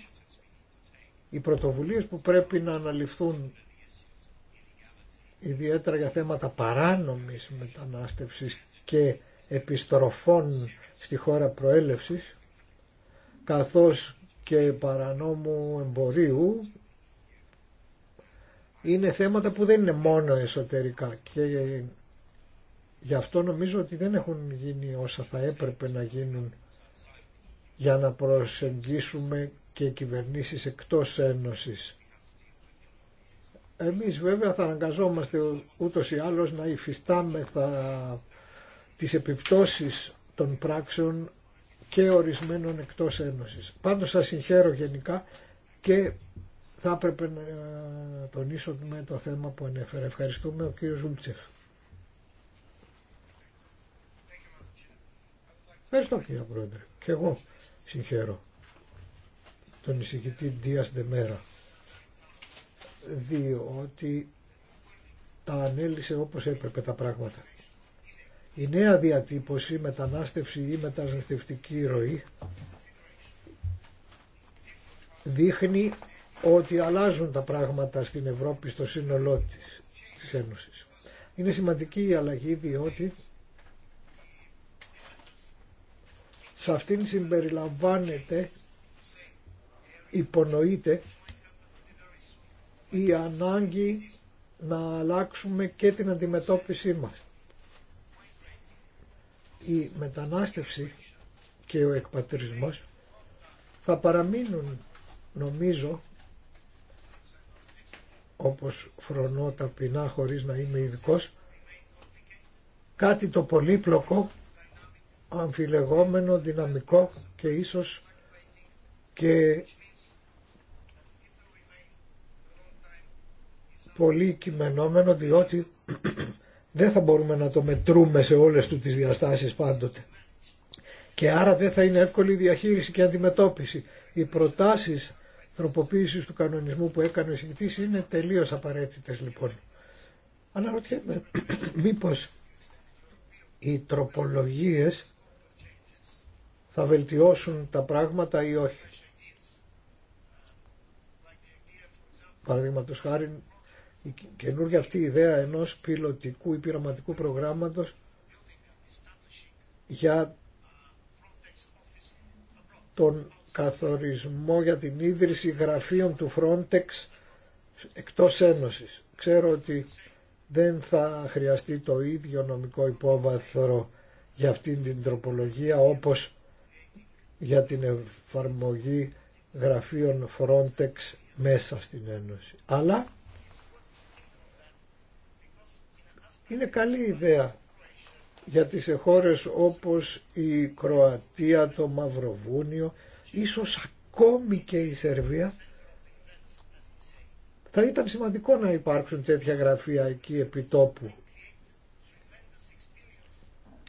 Speaker 7: οι πρωτοβουλίες που πρέπει να αναλυφθούν ιδιαίτερα για θέματα παράνομης μετανάστευσης και επιστροφών στη χώρα προέλευσης καθώς και παρανόμου εμπορίου είναι θέματα που δεν είναι μόνο εσωτερικά και γι' αυτό νομίζω ότι δεν έχουν γίνει όσα θα έπρεπε να γίνουν για να προσεγγίσουμε και κυβερνήσεις εκτός Ένωσης. Εμείς βέβαια θα αναγκαζόμαστε ούτως ή άλλως να υφιστάμεθα τις επιπτώσεις των πράξεων και ορισμένων εκτός Ένωσης. Πάντως σας συγχαίρω γενικά και θα έπρεπε να ε, τονίσω με το θέμα που ανέφερε. Ευχαριστούμε ο κύριος Ζούλτσεφ. Ευχαριστώ κύριε Πρόεδρε. Και εγώ συγχαίρω τον εισηγητή Ντίας Δεμέρα διότι τα ανέλησε όπως έπρεπε τα πράγματα. Η νέα διατύπωση, μετανάστευση ή μεταναστευτική ροή, δείχνει ότι αλλάζουν τα πράγματα στην Ευρώπη στο σύνολό της, της Ένωσης. Είναι σημαντική η αλλαγή διότι σε αυτήν συμπεριλαμβάνεται, υπονοείται η ανάγκη να αλλάξουμε και την αντιμετώπιση μας η μετανάστευση και ο εκπατρισμός θα παραμείνουν νομίζω όπως φρονώ ταπεινά χωρίς να είμαι ειδικό, κάτι το πολύπλοκο, αμφιλεγόμενο, δυναμικό και ίσως και πολύ κειμενόμενο διότι δεν θα μπορούμε να το μετρούμε σε όλες του τις διαστάσεις πάντοτε. Και άρα δεν θα είναι εύκολη η διαχείριση και αντιμετώπιση. Οι προτάσεις τροποποίησης του κανονισμού που έκανε ο εισηγητής είναι τελείως απαραίτητες λοιπόν. Αναρωτιέμαι μήπως οι τροπολογίες θα βελτιώσουν τα πράγματα ή όχι. Παραδείγματο χάρη η καινούργια αυτή ιδέα ενός πιλωτικού ή πειραματικού προγράμματος για τον καθορισμό για την ίδρυση γραφείων του Frontex εκτός Ένωσης. Ξέρω ότι δεν θα χρειαστεί το ίδιο νομικό υπόβαθρο για αυτήν την τροπολογία όπως για την εφαρμογή γραφείων Frontex μέσα στην Ένωση. Αλλά Είναι καλή ιδέα γιατί σε χώρες όπως η Κροατία, το Μαυροβούνιο, ίσως ακόμη και η Σερβία, θα ήταν σημαντικό να υπάρξουν τέτοια γραφεία εκεί επιτόπου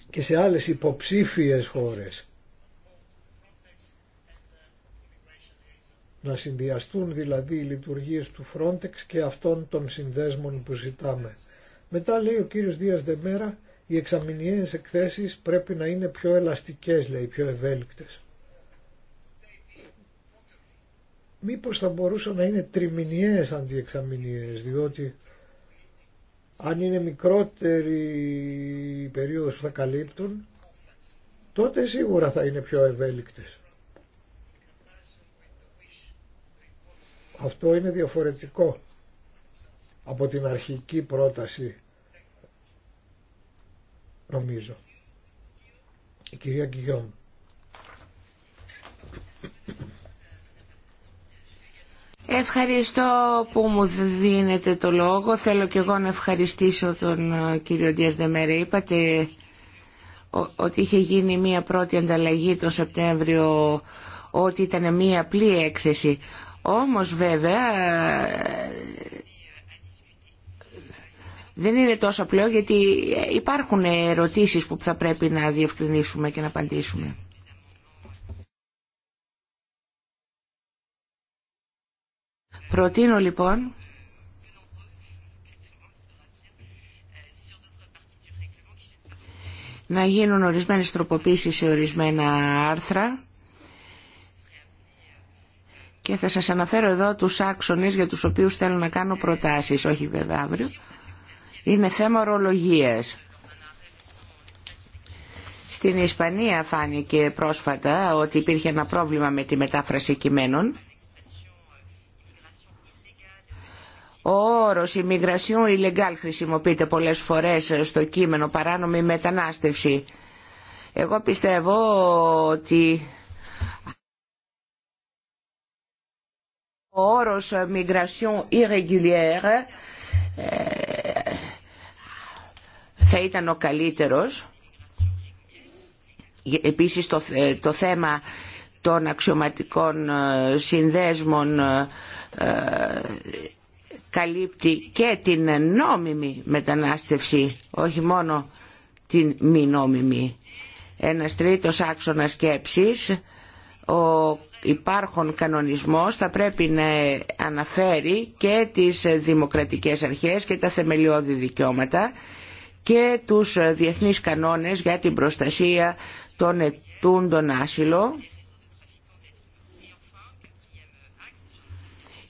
Speaker 7: και σε άλλες υποψήφιες χώρες. Να συνδυαστούν δηλαδή οι λειτουργίες του Frontex και αυτών των συνδέσμων που ζητάμε. Μετά λέει ο κύριο Δία Δεμέρα, οι εξαμηνιαίε εκθέσει πρέπει να είναι πιο ελαστικές, λέει, πιο ευέλικτε. Μήπω θα μπορούσαν να είναι τριμηνιαίε αντί διότι αν είναι μικρότερη η περίοδος που θα καλύπτουν, τότε σίγουρα θα είναι πιο ευέλικτες. Αυτό είναι διαφορετικό από την αρχική πρόταση νομίζω η κυρία Κιγιόμ
Speaker 8: Ευχαριστώ που μου δίνετε το λόγο. Θέλω και εγώ να ευχαριστήσω τον ε, κύριο Δεμέρε. Είπατε ότι είχε γίνει μία πρώτη ανταλλαγή τον Σεπτέμβριο, ότι ήταν μία απλή έκθεση. Όμως βέβαια δεν είναι τόσο απλό γιατί υπάρχουν ερωτήσεις που θα πρέπει να διευκρινίσουμε και να απαντήσουμε. Προτείνω λοιπόν να γίνουν ορισμένες τροποποίησεις σε ορισμένα άρθρα και θα σας αναφέρω εδώ τους άξονες για τους οποίους θέλω να κάνω προτάσεις, όχι βέβαια αύριο. Είναι θέμα ορολογίας. Στην Ισπανία φάνηκε πρόσφατα ότι υπήρχε ένα πρόβλημα με τη μετάφραση κειμένων. Ο όρος «immigration illegal» χρησιμοποιείται πολλές φορές στο κείμενο «παράνομη μετανάστευση». Εγώ πιστεύω ότι ο όρος «migration irrégulière» ε, θα ήταν ο καλύτερος. Επίσης το, ε, το θέμα των αξιωματικών ε, συνδέσμων ε, καλύπτει και την νόμιμη μετανάστευση, όχι μόνο την μη νόμιμη. Ένας τρίτος άξονας σκέψης, ο υπάρχον κανονισμός θα πρέπει να αναφέρει και τις δημοκρατικές αρχές και τα θεμελιώδη δικαιώματα και τους διεθνείς κανόνες για την προστασία των ετούντων άσυλο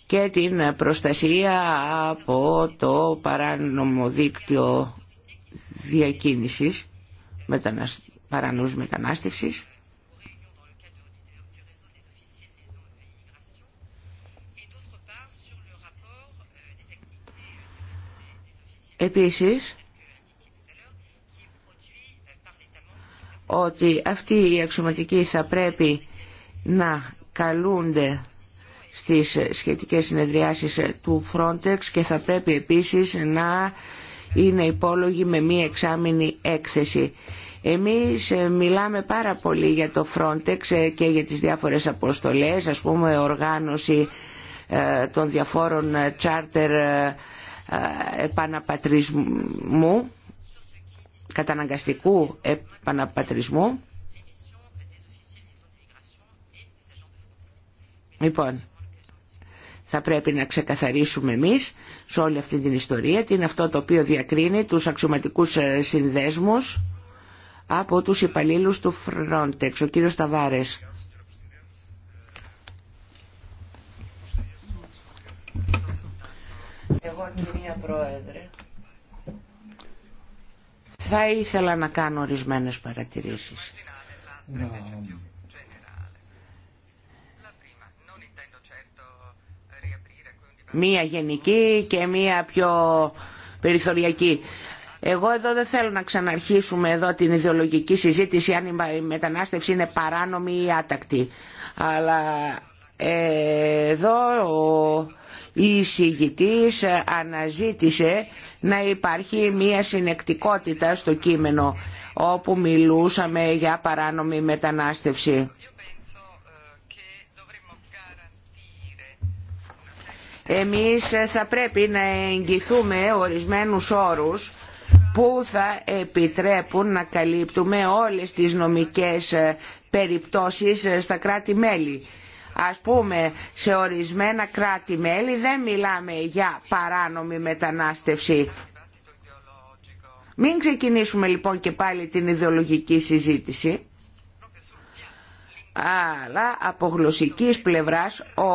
Speaker 8: και την προστασία από το παράνομο δίκτυο διακίνησης μετανασ... παρανούς μετανάστευσης. Επίσης, ότι αυτοί οι αξιωματικοί θα πρέπει να καλούνται στις σχετικές συνεδριάσεις του Frontex και θα πρέπει επίσης να είναι υπόλογοι με μία εξάμεινη έκθεση. Εμείς ε, μιλάμε πάρα πολύ για το Frontex ε, και για τις διάφορες αποστολές, ας πούμε οργάνωση ε, των διαφόρων charter επαναπατρισμού καταναγκαστικού επαναπατρισμού. Λοιπόν, θα πρέπει να ξεκαθαρίσουμε εμείς σε όλη αυτή την ιστορία τι είναι αυτό το οποίο διακρίνει τους αξιωματικούς ε, συνδέσμους από τους υπαλλήλους του Frontex, ο κύριος Ταβάρες. Εγώ κυρία Πρόεδρε. Θα ήθελα να κάνω ορισμένες παρατηρήσεις. Μία γενική και μία πιο περιθωριακή. Εγώ εδώ δεν θέλω να ξαναρχίσουμε εδώ την ιδεολογική συζήτηση αν η μετανάστευση είναι παράνομη ή άτακτη. Αλλά ε, εδώ η εισηγητής αναζήτησε να υπάρχει μία συνεκτικότητα στο κείμενο όπου μιλούσαμε για παράνομη μετανάστευση. Εμείς θα πρέπει να εγγυθούμε ορισμένους όρους που θα επιτρέπουν να καλύπτουμε όλες τις νομικές περιπτώσεις στα κράτη-μέλη Ας πούμε σε ορισμένα κράτη-μέλη δεν μιλάμε για παράνομη μετανάστευση. Μην ξεκινήσουμε λοιπόν και πάλι την ιδεολογική συζήτηση αλλά από γλωσσικής πλευράς ο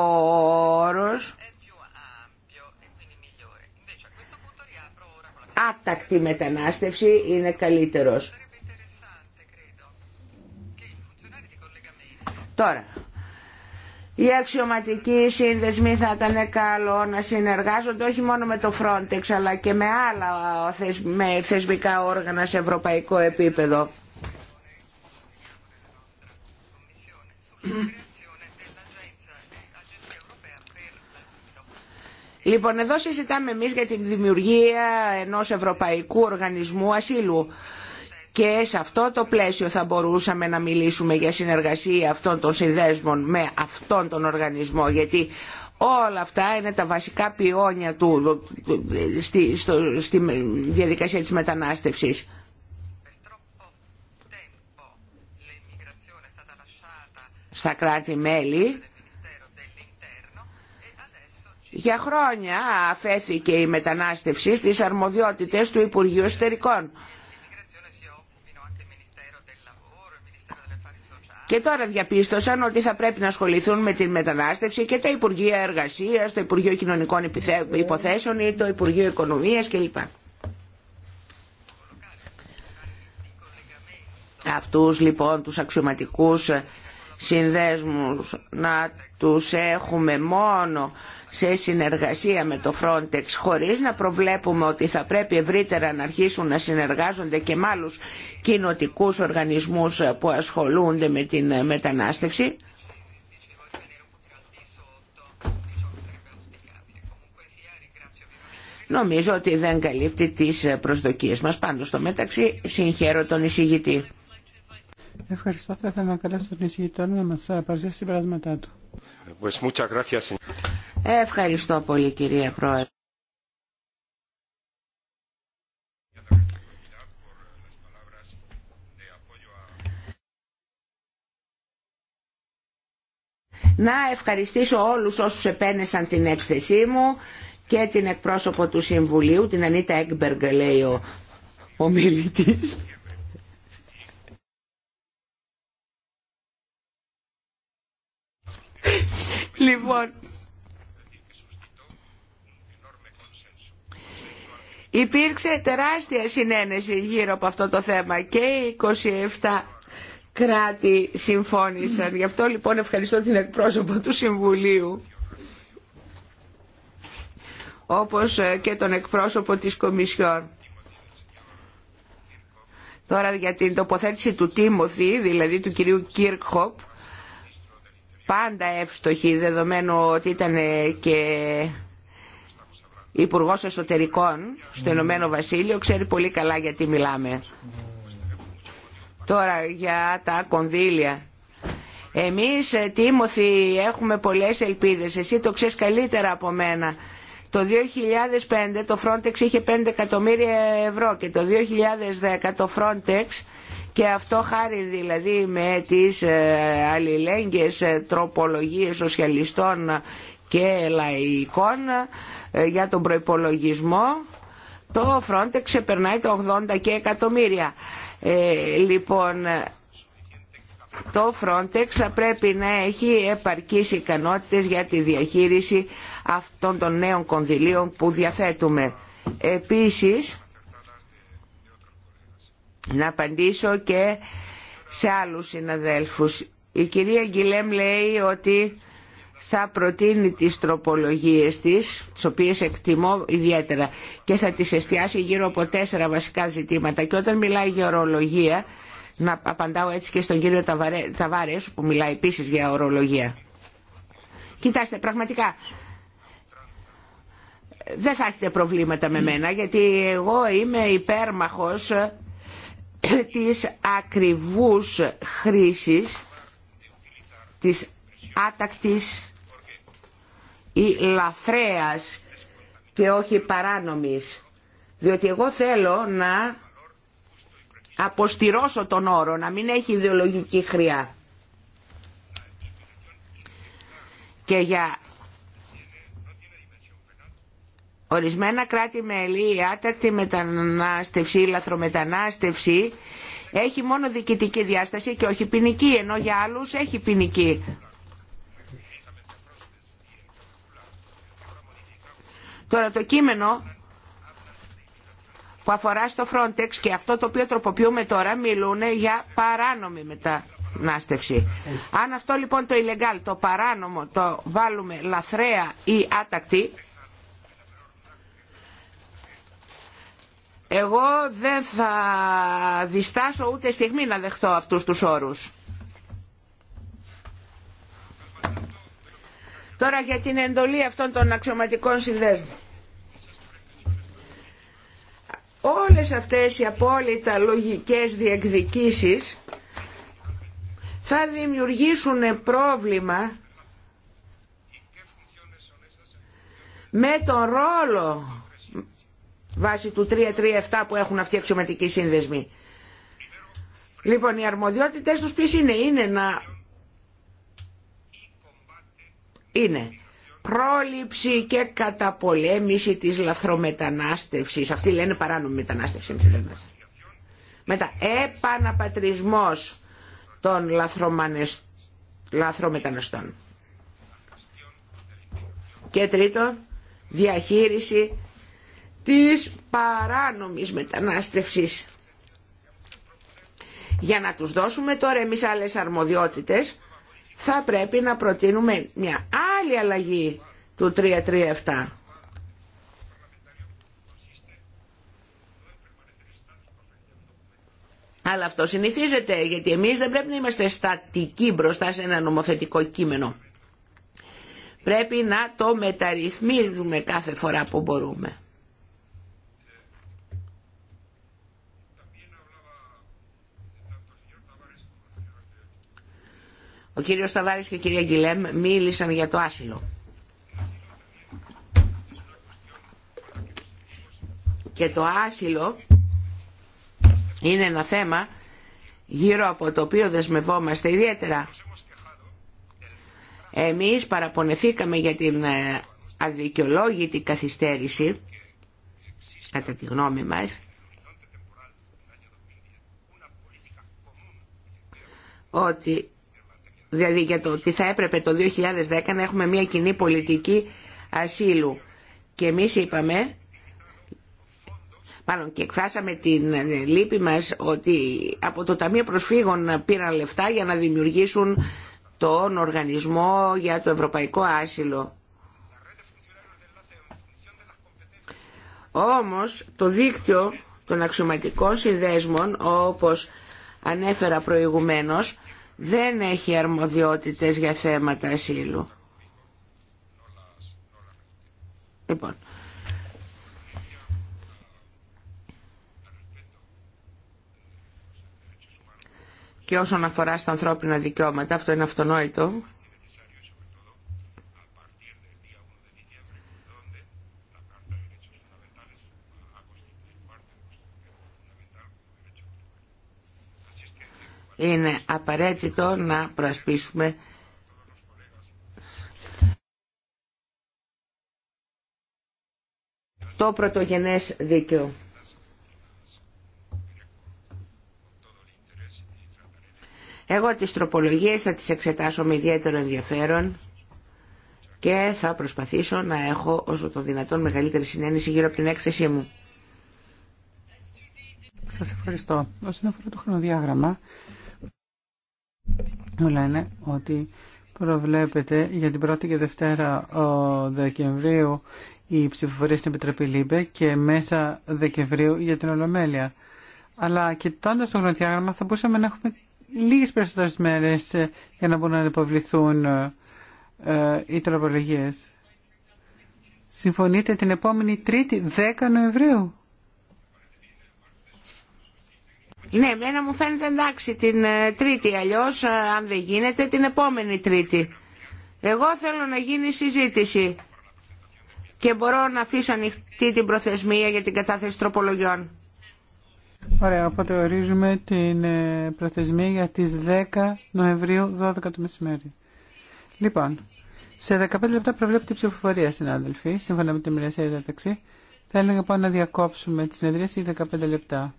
Speaker 8: όρος άτακτη μετανάστευση είναι καλύτερος. Τώρα, οι αξιωματικοί σύνδεσμοι θα ήταν καλό να συνεργάζονται όχι μόνο με το Frontex αλλά και με άλλα θεσμικά όργανα σε ευρωπαϊκό επίπεδο. Λοιπόν, εδώ συζητάμε εμείς για τη δημιουργία ενός ευρωπαϊκού οργανισμού ασύλου. Και σε αυτό το πλαίσιο θα μπορούσαμε να μιλήσουμε για συνεργασία αυτών των συνδέσμων με αυτόν τον οργανισμό, γιατί όλα αυτά είναι τα βασικά πιόνια του στη, στο, στη διαδικασία της μετανάστευσης. Στα κράτη-μέλη, για χρόνια αφέθηκε η μετανάστευση στις αρμοδιότητες του Υπουργείου Εστερικών. Και τώρα διαπίστωσαν ότι θα πρέπει να ασχοληθούν με την μετανάστευση και τα Υπουργεία εργασία, το Υπουργείο Κοινωνικών Υποθέσεων ή το Υπουργείο Οικονομίας κλπ. Αυτούς λοιπόν τους αξιωματικούς συνδέσμους να τους έχουμε μόνο σε συνεργασία με το Frontex χωρίς να προβλέπουμε ότι θα πρέπει ευρύτερα να αρχίσουν να συνεργάζονται και με άλλους κοινοτικούς οργανισμούς που ασχολούνται με την μετανάστευση. Νομίζω ότι δεν καλύπτει τις προσδοκίες μας. Πάντως, στο μεταξύ, συγχαίρω τον εισηγητή.
Speaker 9: Ευχαριστώ. Θα ήθελα να καλέσω τον εισηγητό να μας παρουσιάσει συμπεράσματά του. Ευχαριστώ πολύ κυρία Πρόεδρε.
Speaker 8: Να ευχαριστήσω όλους όσους επένεσαν την έκθεσή μου και την εκπρόσωπο του Συμβουλίου, την Ανίτα Έγκμπεργκ, λέει ο, ο Λοιπόν, υπήρξε τεράστια συνένεση γύρω από αυτό το θέμα και οι 27 κράτη συμφώνησαν. Γι' αυτό λοιπόν ευχαριστώ την εκπρόσωπο του Συμβουλίου όπως και τον εκπρόσωπο της Κομισιόν. Τώρα για την τοποθέτηση του Τίμωθη, δηλαδή του κυρίου Κίρκχοπ, πάντα εύστοχη δεδομένου ότι ήταν και υπουργό Εσωτερικών στο Ηνωμένο Βασίλειο, ξέρει πολύ καλά γιατί μιλάμε. Τώρα για τα κονδύλια. Εμείς, Τίμωθη, έχουμε πολλές ελπίδες. Εσύ το ξέρεις καλύτερα από μένα. Το 2005 το Frontex είχε 5 εκατομμύρια ευρώ και το 2010 το Frontex και αυτό χάρη δηλαδή με τις ε, αλληλέγγυες ε, τροπολογίες σοσιαλιστών και λαϊκών ε, για τον προϋπολογισμό το Frontex ξεπερνάει τα 80 και εκατομμύρια. λοιπόν, το Frontex θα πρέπει να έχει επαρκείς ικανότητες για τη διαχείριση αυτών των νέων κονδυλίων που διαθέτουμε. Επίσης, να απαντήσω και σε άλλους συναδέλφους. Η κυρία Γκυλέμ λέει ότι θα προτείνει τις τροπολογίες της, τις οποίες εκτιμώ ιδιαίτερα και θα τις εστιάσει γύρω από τέσσερα βασικά ζητήματα και όταν μιλάει για ορολογία, να απαντάω έτσι και στον κύριο Ταβάρες που μιλάει επίσης για ορολογία. Κοιτάστε, πραγματικά, δεν θα έχετε προβλήματα με μένα γιατί εγώ είμαι υπέρμαχος της ακριβούς χρήσης της άτακτης ή λαφρέας και όχι παράνομης. Διότι εγώ θέλω να αποστηρώσω τον όρο, να μην έχει ιδεολογική χρειά. Και για Ορισμένα κράτη-μέλη, η άτακτη μετανάστευση, η λαθρομετανάστευση έχει μόνο διοικητική διάσταση και όχι ποινική, ενώ για άλλους έχει ποινική. Τώρα το κείμενο που αφορά στο Frontex και αυτό το οποίο τροποποιούμε τώρα μιλούν για παράνομη μετανάστευση. Αν αυτό λοιπόν το illegal, το παράνομο, το βάλουμε λαθρέα ή άτακτη, Εγώ δεν θα διστάσω ούτε στιγμή να δεχθώ αυτούς τους όρους. Τώρα για την εντολή αυτών των αξιωματικών συνδέσμων. Όλες αυτές οι απόλυτα λογικές διεκδικήσεις θα δημιουργήσουν πρόβλημα με τον ρόλο βάσει του 337 που έχουν αυτοί οι αξιωματικοί σύνδεσμοι. Λοιπόν, οι αρμοδιότητες τους ποιες είναι, είναι να... Είναι πρόληψη και καταπολέμηση της λαθρομετανάστευσης. Αυτοί λένε παράνομη μετανάστευση. Μετά, επαναπατρισμός των λαθρομανεσ... λαθρομεταναστών. Και τρίτον, διαχείριση της παράνομης μετανάστευσης. Για να τους δώσουμε τώρα εμείς άλλες αρμοδιότητες θα πρέπει να προτείνουμε μια άλλη αλλαγή του 337. Αλλά αυτό συνηθίζεται, γιατί εμείς δεν πρέπει να είμαστε στατικοί μπροστά σε ένα νομοθετικό κείμενο. Πρέπει να το μεταρρυθμίζουμε κάθε φορά που μπορούμε. Ο κύριος Σταβάρης και η κυρία Γκυλέμ μίλησαν για το άσυλο. Και το άσυλο είναι ένα θέμα γύρω από το οποίο δεσμευόμαστε ιδιαίτερα. Εμείς παραπονεθήκαμε για την ε, αδικαιολόγητη καθυστέρηση, κατά τη γνώμη μας, ότι δηλαδή για το ότι θα έπρεπε το 2010 να έχουμε μια κοινή πολιτική ασύλου. Και εμείς είπαμε, μάλλον και εκφράσαμε την λύπη μας ότι από το Ταμείο Προσφύγων πήραν λεφτά για να δημιουργήσουν τον οργανισμό για το ευρωπαϊκό άσυλο. Όμως το δίκτυο των αξιωματικών συνδέσμων όπως ανέφερα προηγουμένως δεν έχει αρμοδιότητες για θέματα ασύλου. Λοιπόν. Και όσον αφορά στα ανθρώπινα δικαιώματα, αυτό είναι αυτονόητο, είναι απαραίτητο να προασπίσουμε το πρωτογενές δίκαιο. Εγώ τις τροπολογίες θα τις εξετάσω με ιδιαίτερο ενδιαφέρον και θα προσπαθήσω να έχω όσο το δυνατόν μεγαλύτερη συνένεση γύρω από την έκθεσή μου.
Speaker 9: Σας ευχαριστώ. Όσον αφορά το χρονοδιάγραμμα, μου λένε ότι προβλέπεται για την πρώτη ψηφοφορία στην Επιτροπή και μέσα Δεκεμβρίου για την Ολομέλεια. Αλλά κοιτώντα το χρονοδιάγραμμα θα μπορούσαμε να έχουμε λίγε περισσότερε μέρε ε, για να μπορούν να υποβληθούν ε, ε, οι τροπολογίε. Συμφωνείτε την επόμενη Τρίτη 10 Νοεμβρίου. Ναι, εμένα μου φαίνεται εντάξει την
Speaker 8: ε, Τρίτη, αλλιώς ε, αν δεν γίνεται την επόμενη Τρίτη. Εγώ θέλω να γίνει συζήτηση και μπορώ να αφήσω ανοιχτή την προθεσμία για την κατάθεση τροπολογιών.
Speaker 9: Ωραία, οπότε ορίζουμε την ε, προθεσμία για τις 10 Νοεμβρίου 12 το μεσημέρι. Λοιπόν, σε 15 λεπτά προβλέπεται η ψηφοφορία, συνάδελφοι, σύμφωνα με την μοιρασία διάταξη. Θέλω να πάω να διακόψουμε τη συνεδρία συνεδρίαση 15 λεπτά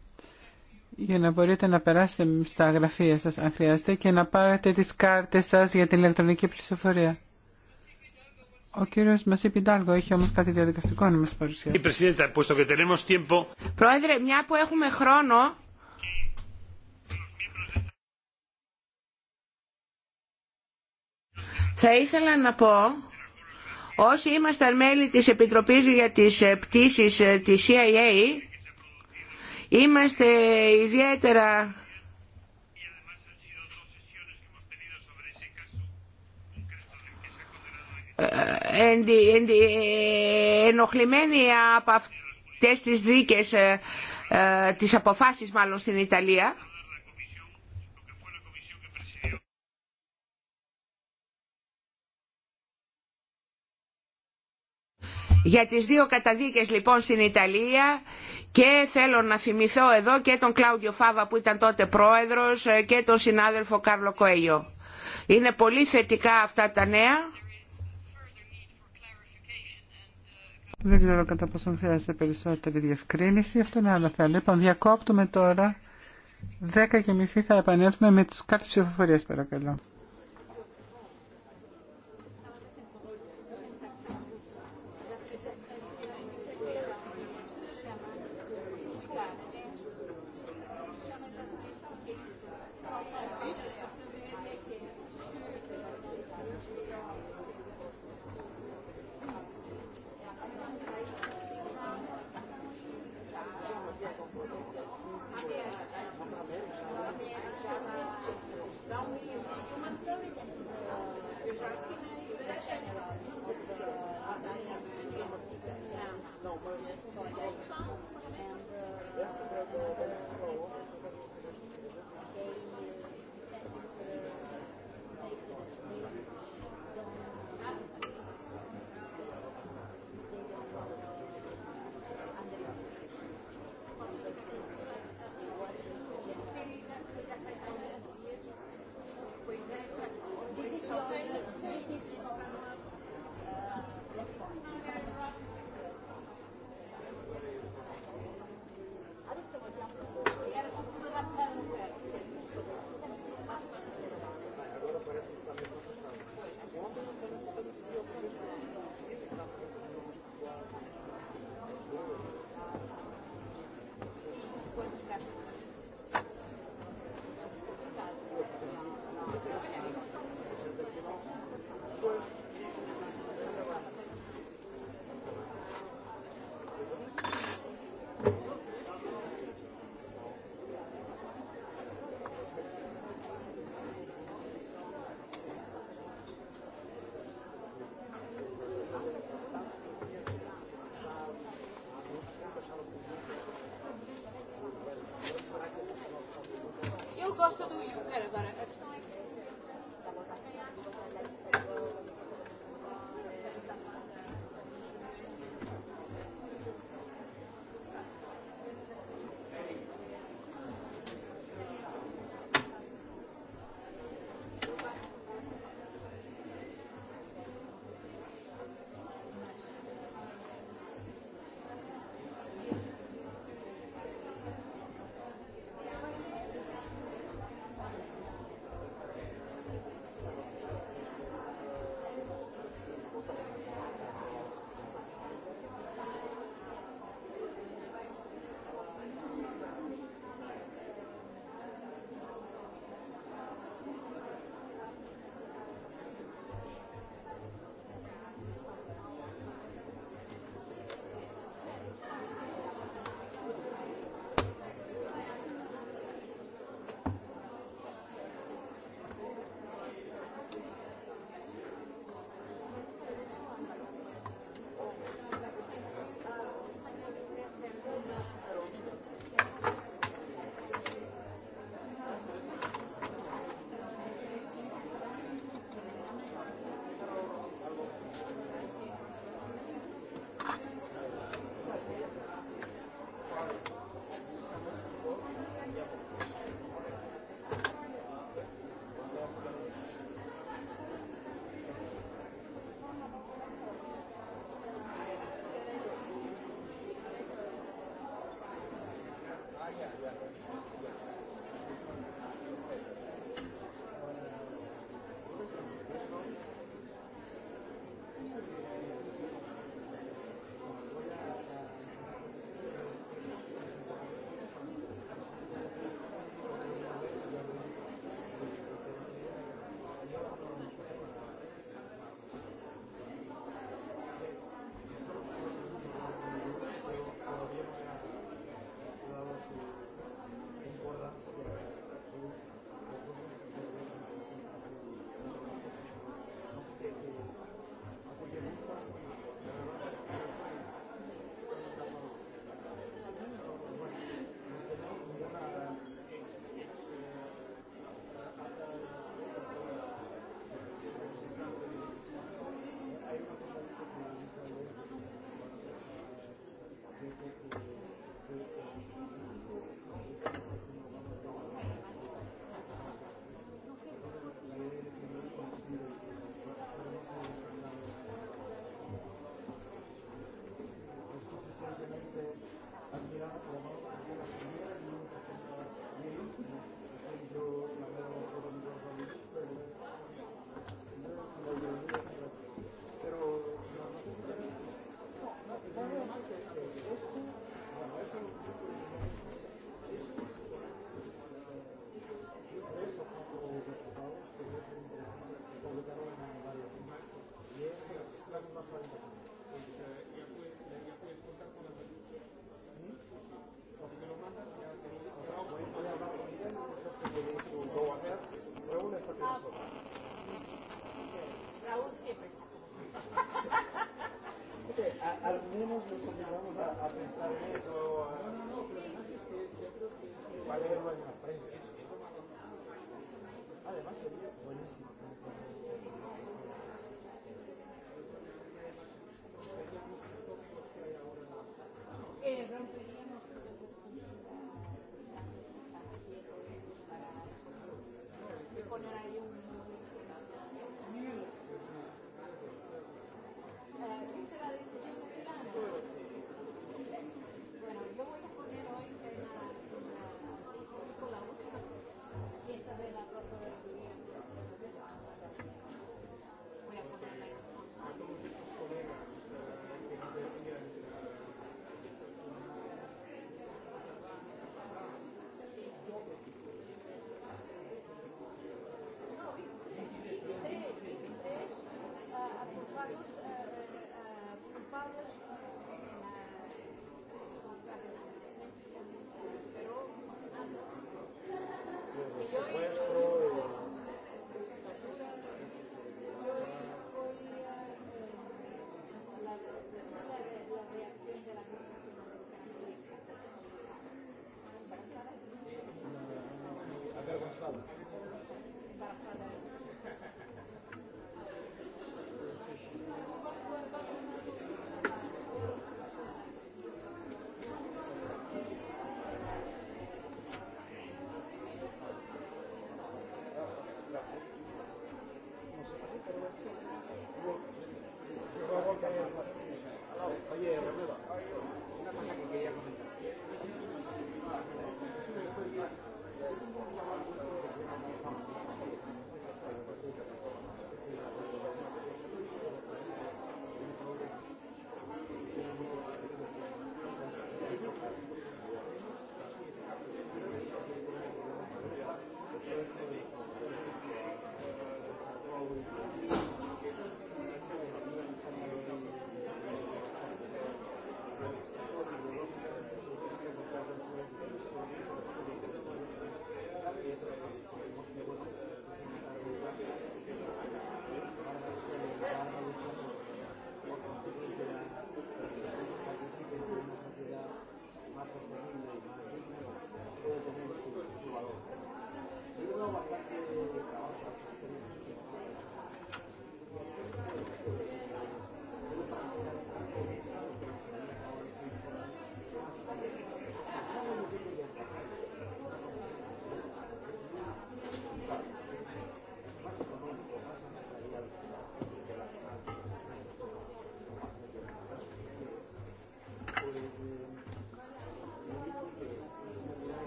Speaker 9: για να μπορείτε να περάσετε στα γραφεία σας αν χρειάζεται και να πάρετε τις κάρτες σας για την ηλεκτρονική πλησιοφορία. Ο κύριος μας είπε έχει όμως κάτι διαδικαστικό να μας παρουσιάσει. Πρόεδρε, μια που έχουμε χρόνο,
Speaker 8: θα ήθελα να πω όσοι είμαστε μέλη της Επιτροπής για τις ε, πτήσεις ε, της CIA Είμαστε ιδιαίτερα ενοχλημένοι από αυτές τις δίκες, ε, ε, τις αποφάσεις μάλλον στην Ιταλία. Για τις δύο καταδίκες λοιπόν στην Ιταλία και θέλω να θυμηθώ εδώ και τον Κλάουδιο Φάβα που ήταν τότε πρόεδρος ε, και τον συνάδελφο Κάρλο Κοέλιο. Είναι πολύ θετικά αυτά τα νέα.
Speaker 9: Δεν ξέρω κατά πόσο χρειάζεται περισσότερη διευκρίνηση. Αυτό είναι άλλο θέμα. Λοιπόν, διακόπτουμε τώρα. Δέκα και μισή θα επανέλθουμε με τις κάρτες ψηφοφορίας παρακαλώ.
Speaker 10: Yes, vamos a, pensar en eso. la prensa. Además sería buenísimo.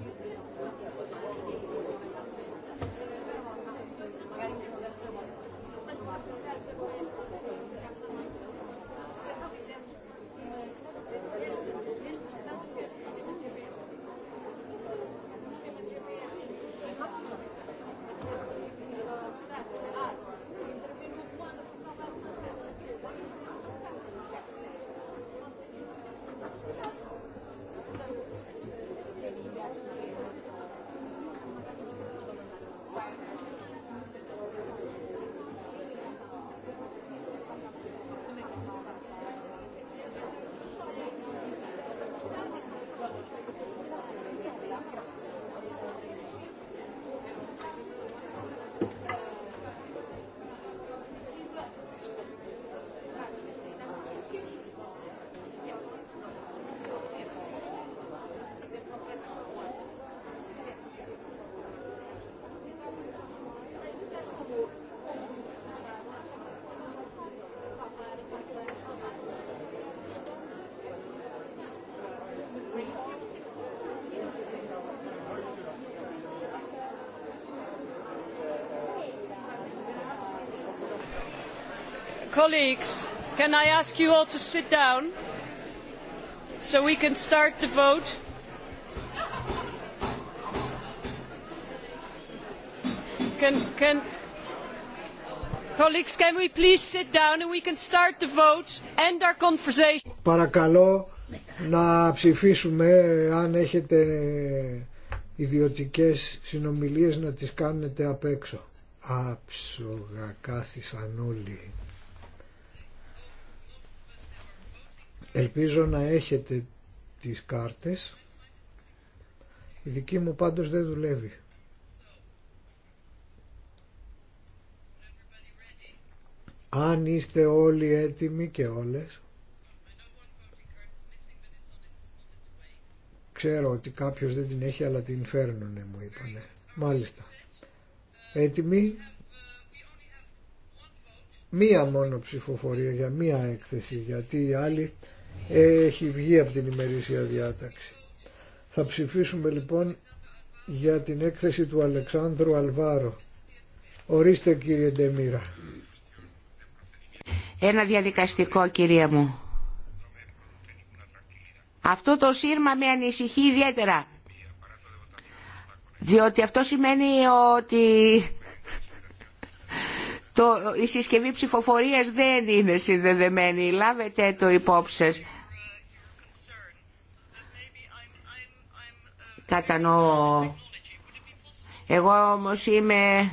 Speaker 10: Υπότιτλοι AUTHORWAVE
Speaker 2: Colleagues, can I ask you all to sit down so we can start the vote? Can, can, colleagues, can we please sit down and we can start the vote and our conversation?
Speaker 7: Παρακαλώ να ψηφίσουμε αν έχετε ιδιωτικές συνομιλίες να τις κάνετε απ' έξω. Άψογα κάθισαν όλοι. Ελπίζω να έχετε τις κάρτες. Η δική μου πάντως δεν δουλεύει. Αν είστε όλοι έτοιμοι και όλες, ξέρω ότι κάποιος δεν την έχει αλλά την φέρνουνε μου είπανε. Μάλιστα. Έτοιμοι. Μία μόνο ψηφοφορία για μία έκθεση γιατί οι άλλοι έχει βγει από την ημερήσια διάταξη. Θα ψηφίσουμε λοιπόν για την έκθεση του Αλεξάνδρου Αλβάρο. Ορίστε κύριε Ντεμίρα. Ένα διαδικαστικό κύριε μου.
Speaker 8: Αυτό το σύρμα με ανησυχεί ιδιαίτερα. Διότι αυτό σημαίνει ότι το, η συσκευή ψηφοφορίας δεν είναι συνδεδεμένη. Λάβετε το υπόψη σας. κατανοώ. Εγώ όμως είμαι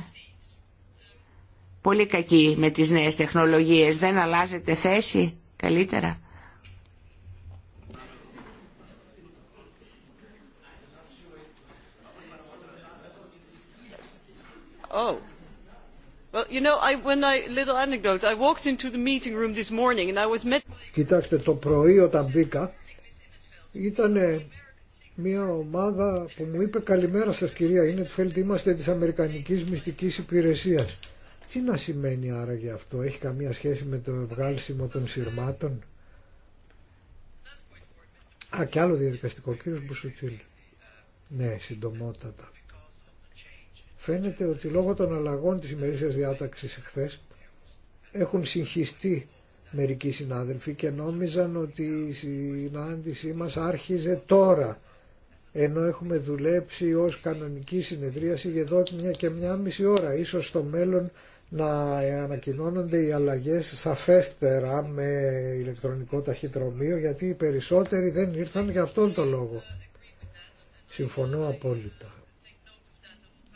Speaker 8: πολύ κακή με τις νέες τεχνολογίες. Δεν αλλάζετε θέση καλύτερα.
Speaker 7: Κοιτάξτε, το πρωί όταν μπήκα ήταν μια ομάδα που μου είπε «Καλημέρα σας κυρία, είναι είμαστε της Αμερικανικής Μυστικής Υπηρεσίας». Τι να σημαίνει άραγε αυτό, έχει καμία σχέση με το ευγάλσιμο των σειρμάτων. Α, και άλλο διαδικαστικό, κύριος Μπουσουτσίλ. Ναι, συντομότατα. Φαίνεται ότι λόγω των αλλαγών της ημερήσιας διάταξης εχθές έχουν συγχυστεί μερικοί συνάδελφοι και νόμιζαν ότι η συνάντησή μας άρχιζε τώρα ενώ έχουμε δουλέψει ως κανονική συνεδρίαση για εδώ μια και μια μισή ώρα. Ίσως στο μέλλον να ανακοινώνονται οι αλλαγές σαφέστερα με ηλεκτρονικό ταχυδρομείο γιατί οι περισσότεροι δεν ήρθαν για αυτόν τον λόγο. Συμφωνώ απόλυτα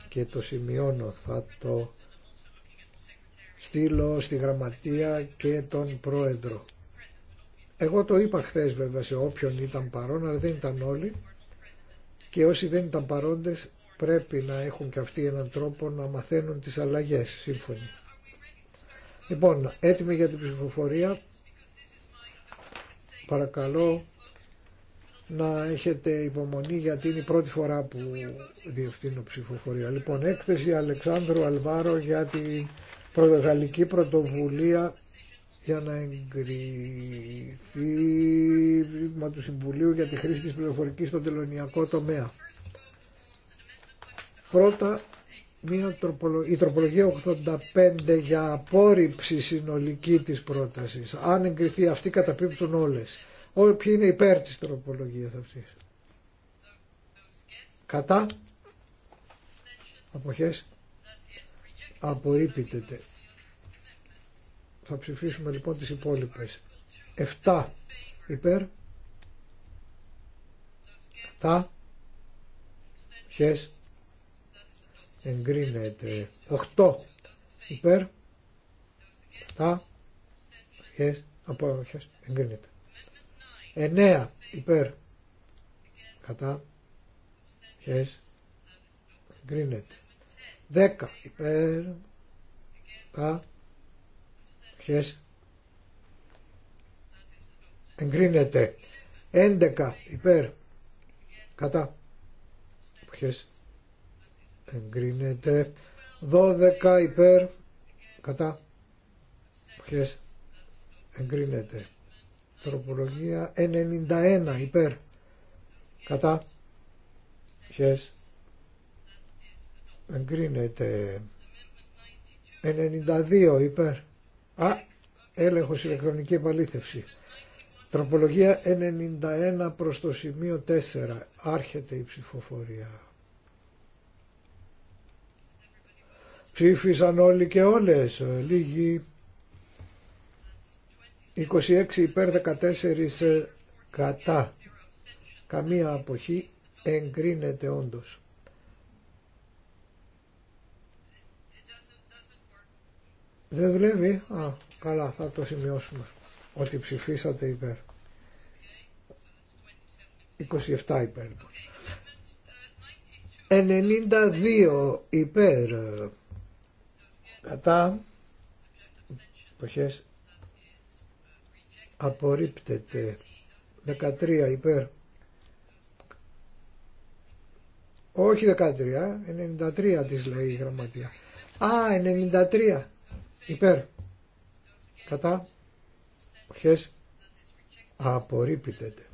Speaker 7: και το σημειώνω θα το στείλω στη γραμματεία και τον πρόεδρο. Εγώ το είπα χθε βέβαια σε όποιον ήταν παρόν, αλλά δεν ήταν όλοι και όσοι δεν ήταν παρόντες πρέπει να έχουν και αυτοί έναν τρόπο να μαθαίνουν τις αλλαγές, σύμφωνοι. Λοιπόν, έτοιμοι για την ψηφοφορία. Παρακαλώ να έχετε υπομονή γιατί είναι η πρώτη φορά που διευθύνω ψηφοφορία. Λοιπόν, έκθεση Αλεξάνδρου Αλβάρο για γαλλική πρωτοβουλία για να εγκριθεί με του Συμβουλίου για τη χρήση της πληροφορικής στον τελωνιακό τομέα. Πρώτα, μια η τροπολογία 85 για απόρριψη συνολική της πρότασης. Αν εγκριθεί αυτή καταπίπτουν όλες. Όποιοι ποιοι είναι υπέρ της τροπολογίας αυτής. Κατά. Αποχές. Απορρίπτεται. Θα ψηφίσουμε λοιπόν τις υπόλοιπες. 7 υπέρ. κατά Χες. Εγκρίνεται. 8 υπέρ. κατά Χες. Από Εγκρίνεται. 9 υπέρ. Κατά. Χες. Εγκρίνεται. 10 υπέρ Κατά. ποιες εγκρίνεται 11 υπέρ κατά ποιες εγκρίνεται 12 υπέρ κατά ποιες εγκρίνεται τροπολογία 91 υπέρ κατά ποιες Εγκρίνεται. 92 υπέρ. Α, έλεγχος ηλεκτρονική επαλήθευση. Τροπολογία 91 προς το σημείο 4. Άρχεται η ψηφοφορία. Ψήφισαν όλοι και όλες. Λίγοι. 26 υπέρ 14 ε, κατά. Καμία αποχή εγκρίνεται όντως. Δεν βλέπει. Α, καλά, θα το σημειώσουμε. Ότι ψηφίσατε υπέρ. 27 υπέρ. 92 λοιπόν. υπέρ. Κατά. Εποχές. Απορρίπτεται. 13 υπέρ. Όχι 13, 93 της λέει η γραμματεία. Α, 93 υπέρ κατά ποιες απορρίπτεται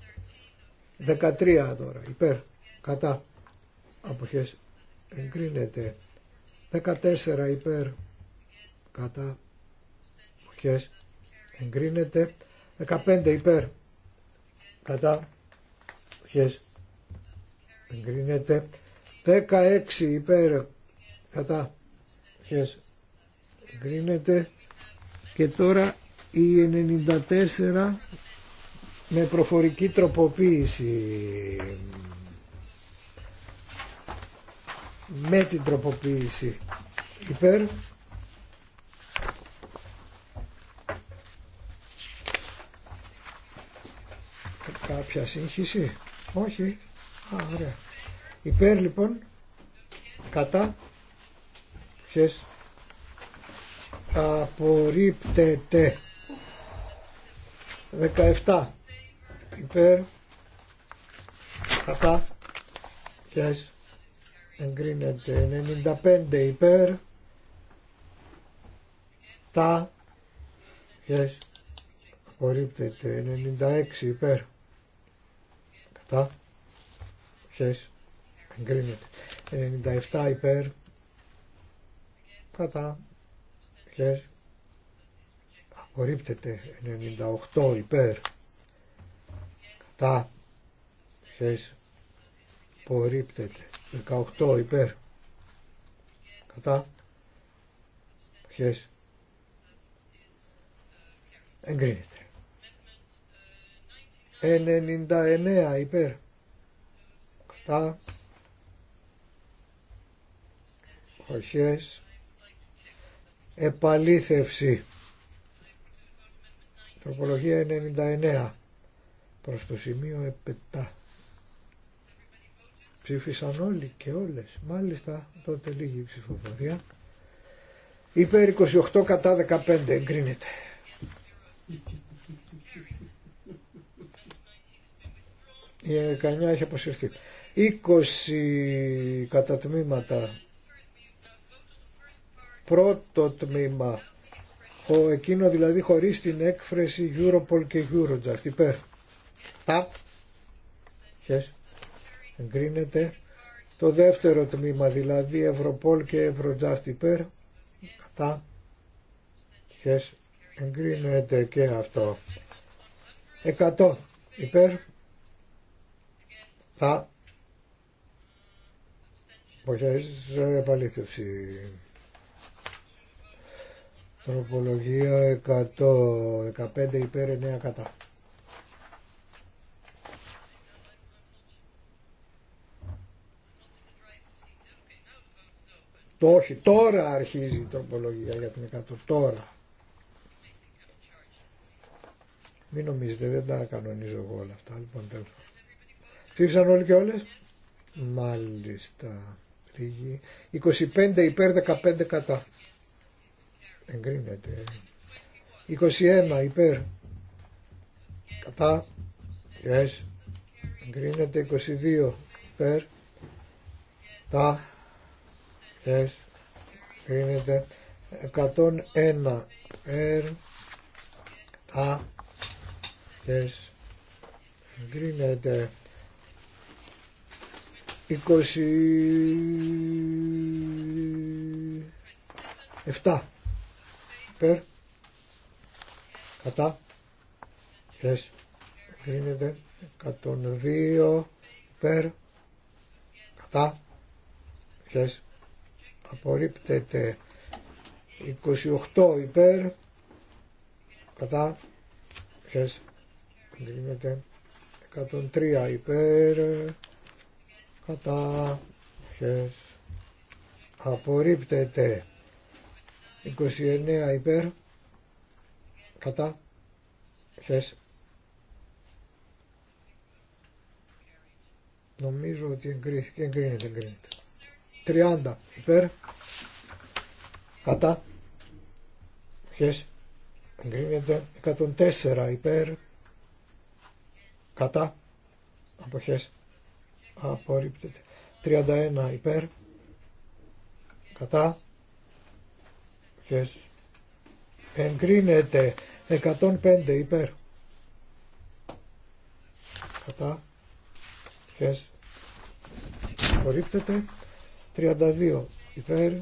Speaker 7: 13 τώρα υπέρ κατά αποχές εγκρίνεται 14 υπέρ κατά αποχές εγκρίνεται 15 υπέρ κατά αποχές εγκρίνεται 16 υπέρ κατά αποχές γκρίνεται και τώρα η 94 με προφορική τροποποίηση με την τροποποίηση υπέρ κάποια σύγχυση όχι Α, ωραία. υπέρ λοιπόν κατά ποιες απορρίπτεται 17 υπέρ κατά yes. εγκρίνεται 95 υπέρ τα yes. απορρίπτεται 96 υπέρ κατά yes. εγκρίνεται 97 υπέρ κατά υπέρ απορρίπτεται 98 υπέρ κατά χες απορρίπτεται 18 υπέρ κατά χες εγκρίνεται 99 υπέρ κατά χοχές επαλήθευση τροπολογία 99 προς το σημείο επετά ψήφισαν όλοι και όλες μάλιστα τότε λίγη ψηφοφορία υπέρ 28 κατά 15 εγκρίνεται η 19 έχει αποσυρθεί 20 κατά τμήματα πρώτο τμήμα, ο, εκείνο δηλαδή χωρίς την έκφραση Europol και Eurojust, υπέρ. Τα, yes. εγκρίνεται. Το δεύτερο τμήμα δηλαδή Europol και Eurojust υπέρ, κατά, yes. εγκρίνεται και αυτό. 100 υπέρ, τα, επαλήθευση. Τροπολογία 100, 15 υπέρ 9 κατά. όχι, τώρα αρχίζει η τροπολογία για την 100, τώρα. Μην νομίζετε, δεν τα κανονίζω εγώ όλα αυτά, λοιπόν τέλος. όλοι και όλες. Μάλιστα. 25 υπέρ 15 κατά εγκρίνεται 21 υπέρ κατά yes εγκρίνεται 22 υπέρ τα yes εγκρίνεται 101 υπέρ τα yes εγκρίνεται 27 υπέρ κατά χες εγκρίνεται 102 υπέρ κατά χες απορρίπτεται 28 υπέρ κατά χες εγκρίνεται 103 υπέρ κατά χες απορρίπτεται 29 υπέρ κατά χες νομίζω ότι εγκρίθηκε εγκρίνεται εγκρίνεται 30 υπέρ κατά χες εγκρίνεται 104 υπέρ κατά αποχές απορρίπτεται 31 υπέρ κατά εγκρίνεται 105 υπέρ κατά αποχές απορρίπτεται 32 υπέρ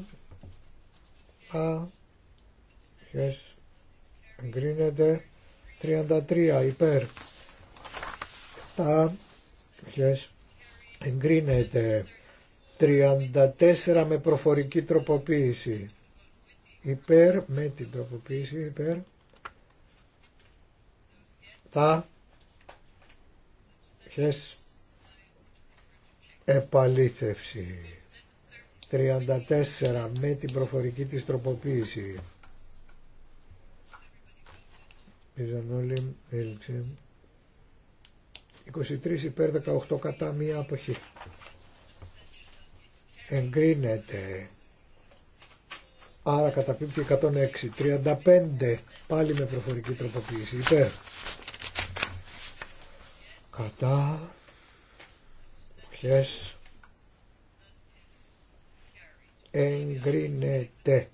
Speaker 7: α εγκρίνεται 33 υπέρ τα αποχές εγκρίνεται 34 με προφορική τροποποίηση υπέρ με την τροποποίηση υπέρ τα χες επαλήθευση 34 με την προφορική της τροποποίηση 23 υπέρ 18 κατά μία αποχή. Εγκρίνεται Άρα καταπίπτει 106. 35 πάλι με προφορική τροποποίηση. Υπέρ. Κατά. Ποιες. Εγκρίνεται.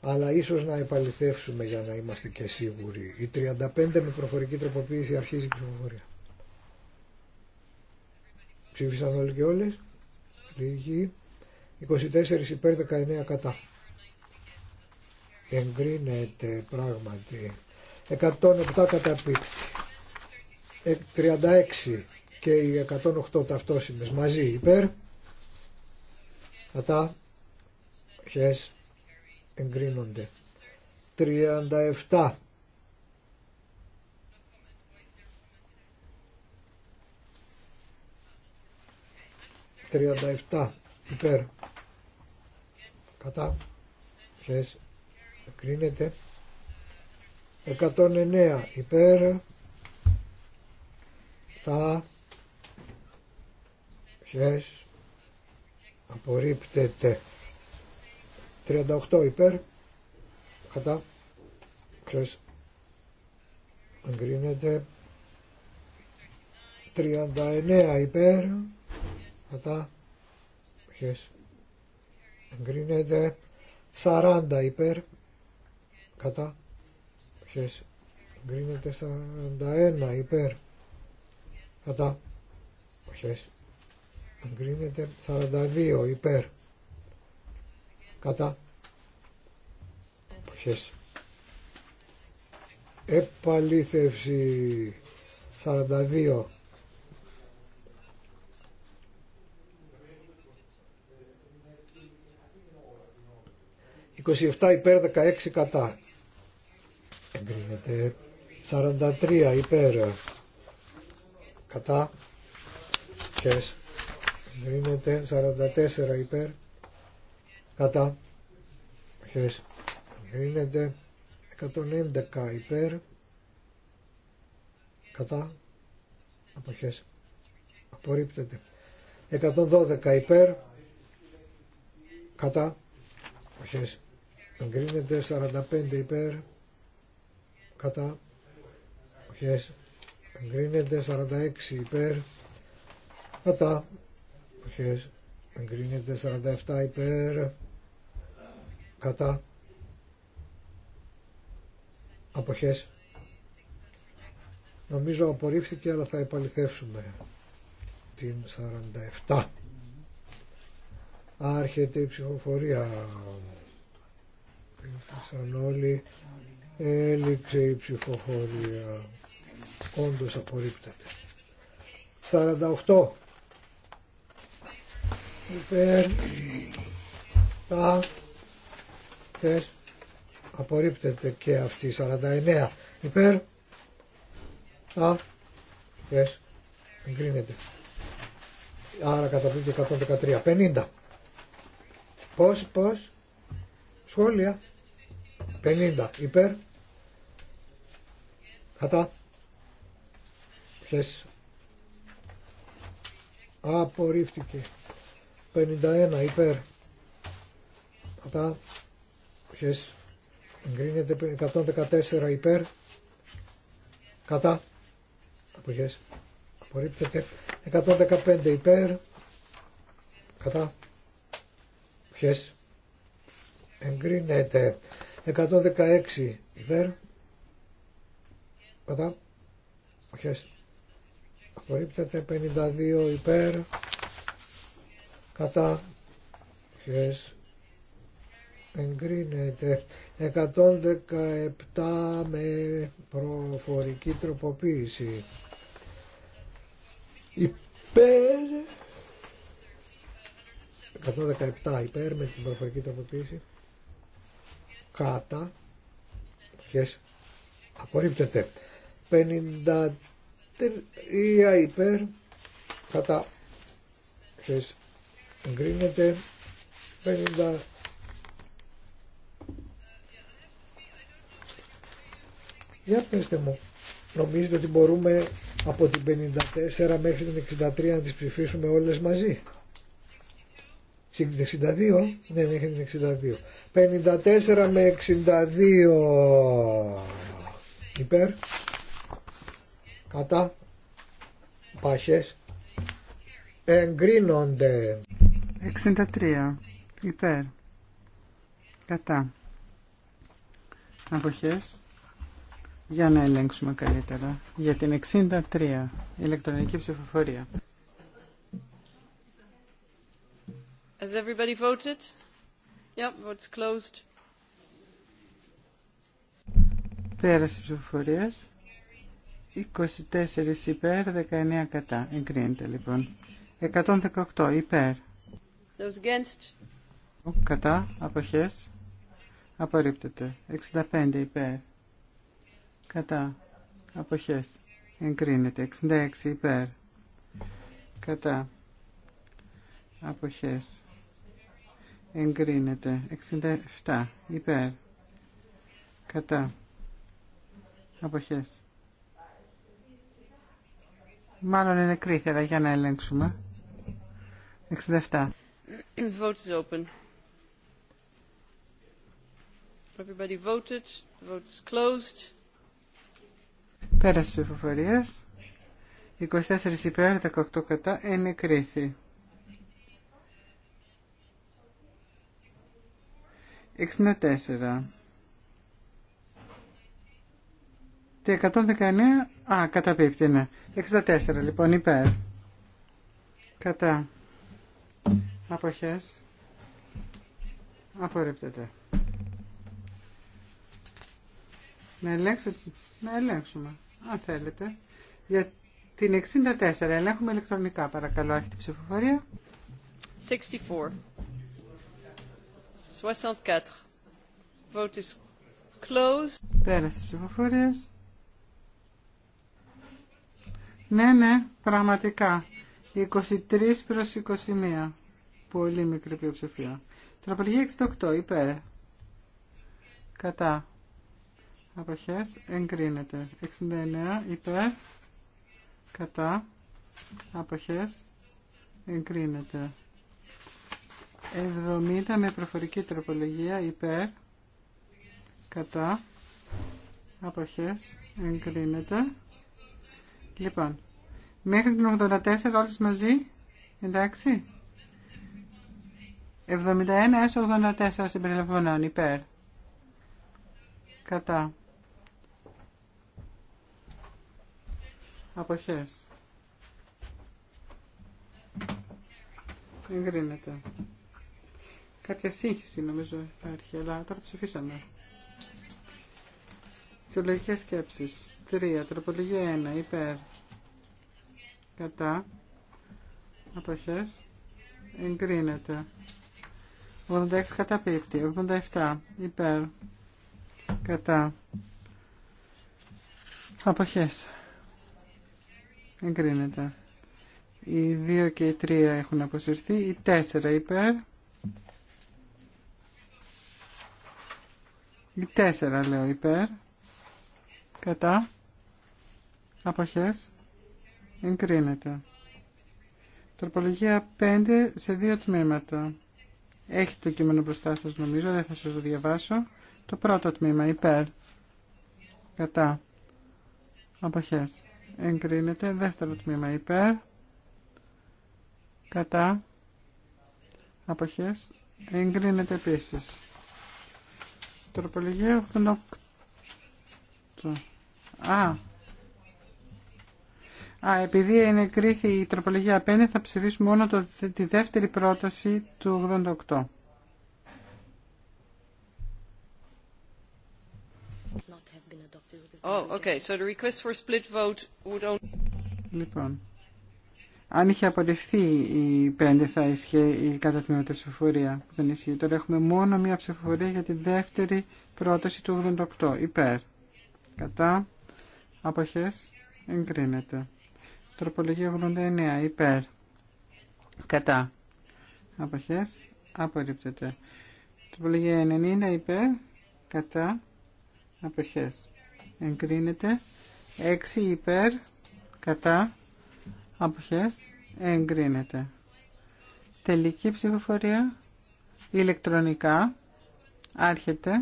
Speaker 7: Αλλά ίσως να επαληθεύσουμε για να είμαστε και σίγουροι. Η 35 με προφορική τροποποίηση αρχίζει η ψηφοφορία. Ψήφισαν όλοι και όλες. Λίγοι. 24 υπέρ 19 κατά εγκρίνεται πράγματι 107 καταπίπτει 36 ε, και οι 108 ταυτόσημες μαζί υπέρ κατά χες εγκρίνονται 37 37 υπέρ κατά χες Εγκρίνεται. 109 υπέρ. Τα. Χες. Απορρίπτεται. 38 υπέρ. Κατά. Χες. Εγκρίνεται. 39 υπέρ. Κατά. Χες. Εγκρίνεται. 40 υπέρ κατά ποιες γκρίνεται 41 υπέρ κατά ποιες γκρίνεται 42 υπέρ κατά ποιες επαλήθευση 42 27 υπέρ 16 κατά εγκρίνεται 43 υπέρ κατά χέρες εγκρίνεται 44 υπέρ κατά χέρες εγκρίνεται 111 υπέρ κατά αποχές απορρίπτεται 112 υπέρ κατά αποχές εγκρίνεται 45 υπέρ κατά εποχές εγκρίνεται 46 υπέρ κατά εποχές εγκρίνεται 47 υπέρ κατά αποχές νομίζω απορρίφθηκε αλλά θα επαληθεύσουμε την 47 άρχεται η ψηφοφορία ήρθαν όλοι Έληξε η ψηφοφορία. Όντως απορρίπτεται. 48. Υπέρ. Τα. Τες. Απορρίπτεται και αυτή. 49. Υπέρ. Τα. Τες. Εγκρίνεται. Άρα καταπληκτή 113. 50. Πώς, πώς. Σχόλια. 50. Υπέρ. Κατά. Ποιες. Απορρίφθηκε. 51 υπέρ. Κατά. Ποιες. Εγκρίνεται 114 υπέρ. Κατά. Αποχές. Απορρίπτεται. 115 υπέρ. Κατά. Ποιες. Εγκρίνεται. 116 υπέρ. Κατά. Αποχές. Απορρίπτεται 52 υπέρ. Κατά. Αποχές. Εγκρίνεται 117 με προφορική τροποποίηση. Υπέρ. 117 υπέρ με την προφορική τροποποίηση. Κατά. Ποιες απορρίπτεται. 53 υπέρ κατά ξέρεις, εγκρίνεται 50 Για πέστε μου, νομίζετε ότι μπορούμε από την 54 μέχρι την 63 να τις ψηφίσουμε όλες μαζί. 62, ναι, μέχρι την 62. 54 με 62 υπέρ κατά πάχες
Speaker 9: εγκρίνονται 63 υπέρ κατά αποχές για να ελέγξουμε καλύτερα για την 63 ηλεκτρονική ψηφοφορία
Speaker 2: Has everybody voted? Yep, vote's closed.
Speaker 9: Πέραση ψηφοφορίας. 24 υπέρ, 19 κατά. Εγκρίνεται λοιπόν. 118 υπέρ.
Speaker 2: Those against.
Speaker 9: Κατά, αποχές. Απορρίπτεται. 65 υπέρ. Κατά, αποχές. Εγκρίνεται. 66 υπέρ. Κατά, αποχές. Εγκρίνεται. 67 υπέρ. Κατά, αποχές. Μάλλον είναι κρίθερα για να ελέγξουμε. 67.
Speaker 2: Vote is open. Everybody voted. The vote is closed.
Speaker 9: Πέρας ψηφοφορίας. 24 υπέρ, 18 κατά, Είναι κρίθη. 64. Τι 119 Α, καταπίπτει, ναι. 64, λοιπόν, υπέρ. Κατά. Αποχές. Απορρίπτεται. Να να ελέγξουμε, αν θέλετε. Για την 64, ελέγχουμε ηλεκτρονικά, παρακαλώ, άρχιτε ψηφοφορία.
Speaker 2: 64. 64. Vote is closed.
Speaker 9: Πέρασε ναι, ναι, πραγματικά. 23 προς 21. Πολύ μικρή πλειοψηφία. Τροπολογία 68, υπέρ. Κατά. Αποχές, εγκρίνεται. 69, υπέρ. Κατά. Αποχές, εγκρίνεται. 70 με προφορική τροπολογία, υπέρ. Κατά. Αποχές, εγκρίνεται. Λοιπόν, μέχρι την 84 όλες μαζί, εντάξει. 71 έως 84 συμπεριλαμβανόν, υπέρ. Κατά. Αποχές. Εγκρίνεται. Κάποια σύγχυση νομίζω υπάρχει, αλλά τώρα ψηφίσαμε. Θεολογικές σκέψεις. 3. Τροπολογία 1. Υπέρ. Κατά. Αποχές. Εγκρίνεται. 86 καταπίπτει. 87. Υπέρ. Κατά. Αποχές. Εγκρίνεται. Οι 2 και οι 3 έχουν αποσυρθεί. Οι 4 υπέρ. Οι 4 λέω υπέρ. Κατά αποχές εγκρίνεται. Τροπολογία 5 σε δύο τμήματα. Έχει το κείμενο μπροστά σας νομίζω, δεν θα σας το διαβάσω. Το πρώτο τμήμα, υπέρ, κατά, αποχές, εγκρίνεται. Δεύτερο τμήμα, υπέρ, κατά, αποχές, εγκρίνεται επίσης. Τροπολογία 88. Α, Α, επειδή είναι κρίθη η τροπολογία 5, θα ψηφίσουμε μόνο το, τη δεύτερη πρόταση του 88. Λοιπόν, αν είχε απορριφθεί η 5 θα ισχύει η καταπληκτική ψηφοφορία που δεν ισχύει. Τώρα έχουμε μόνο μία ψηφοφορία για τη δεύτερη πρόταση του 88. Υπέρ. Κατά. Αποχές. Εγκρίνεται. Τροπολογία 89 υπέρ. Κατά. Αποχές. Απορρίπτεται. Τροπολογία 90 υπέρ. Κατά. Αποχές. Εγκρίνεται. 6 υπέρ. Κατά. Αποχές. Εγκρίνεται. Τελική ψηφοφορία. Ηλεκτρονικά. Άρχεται.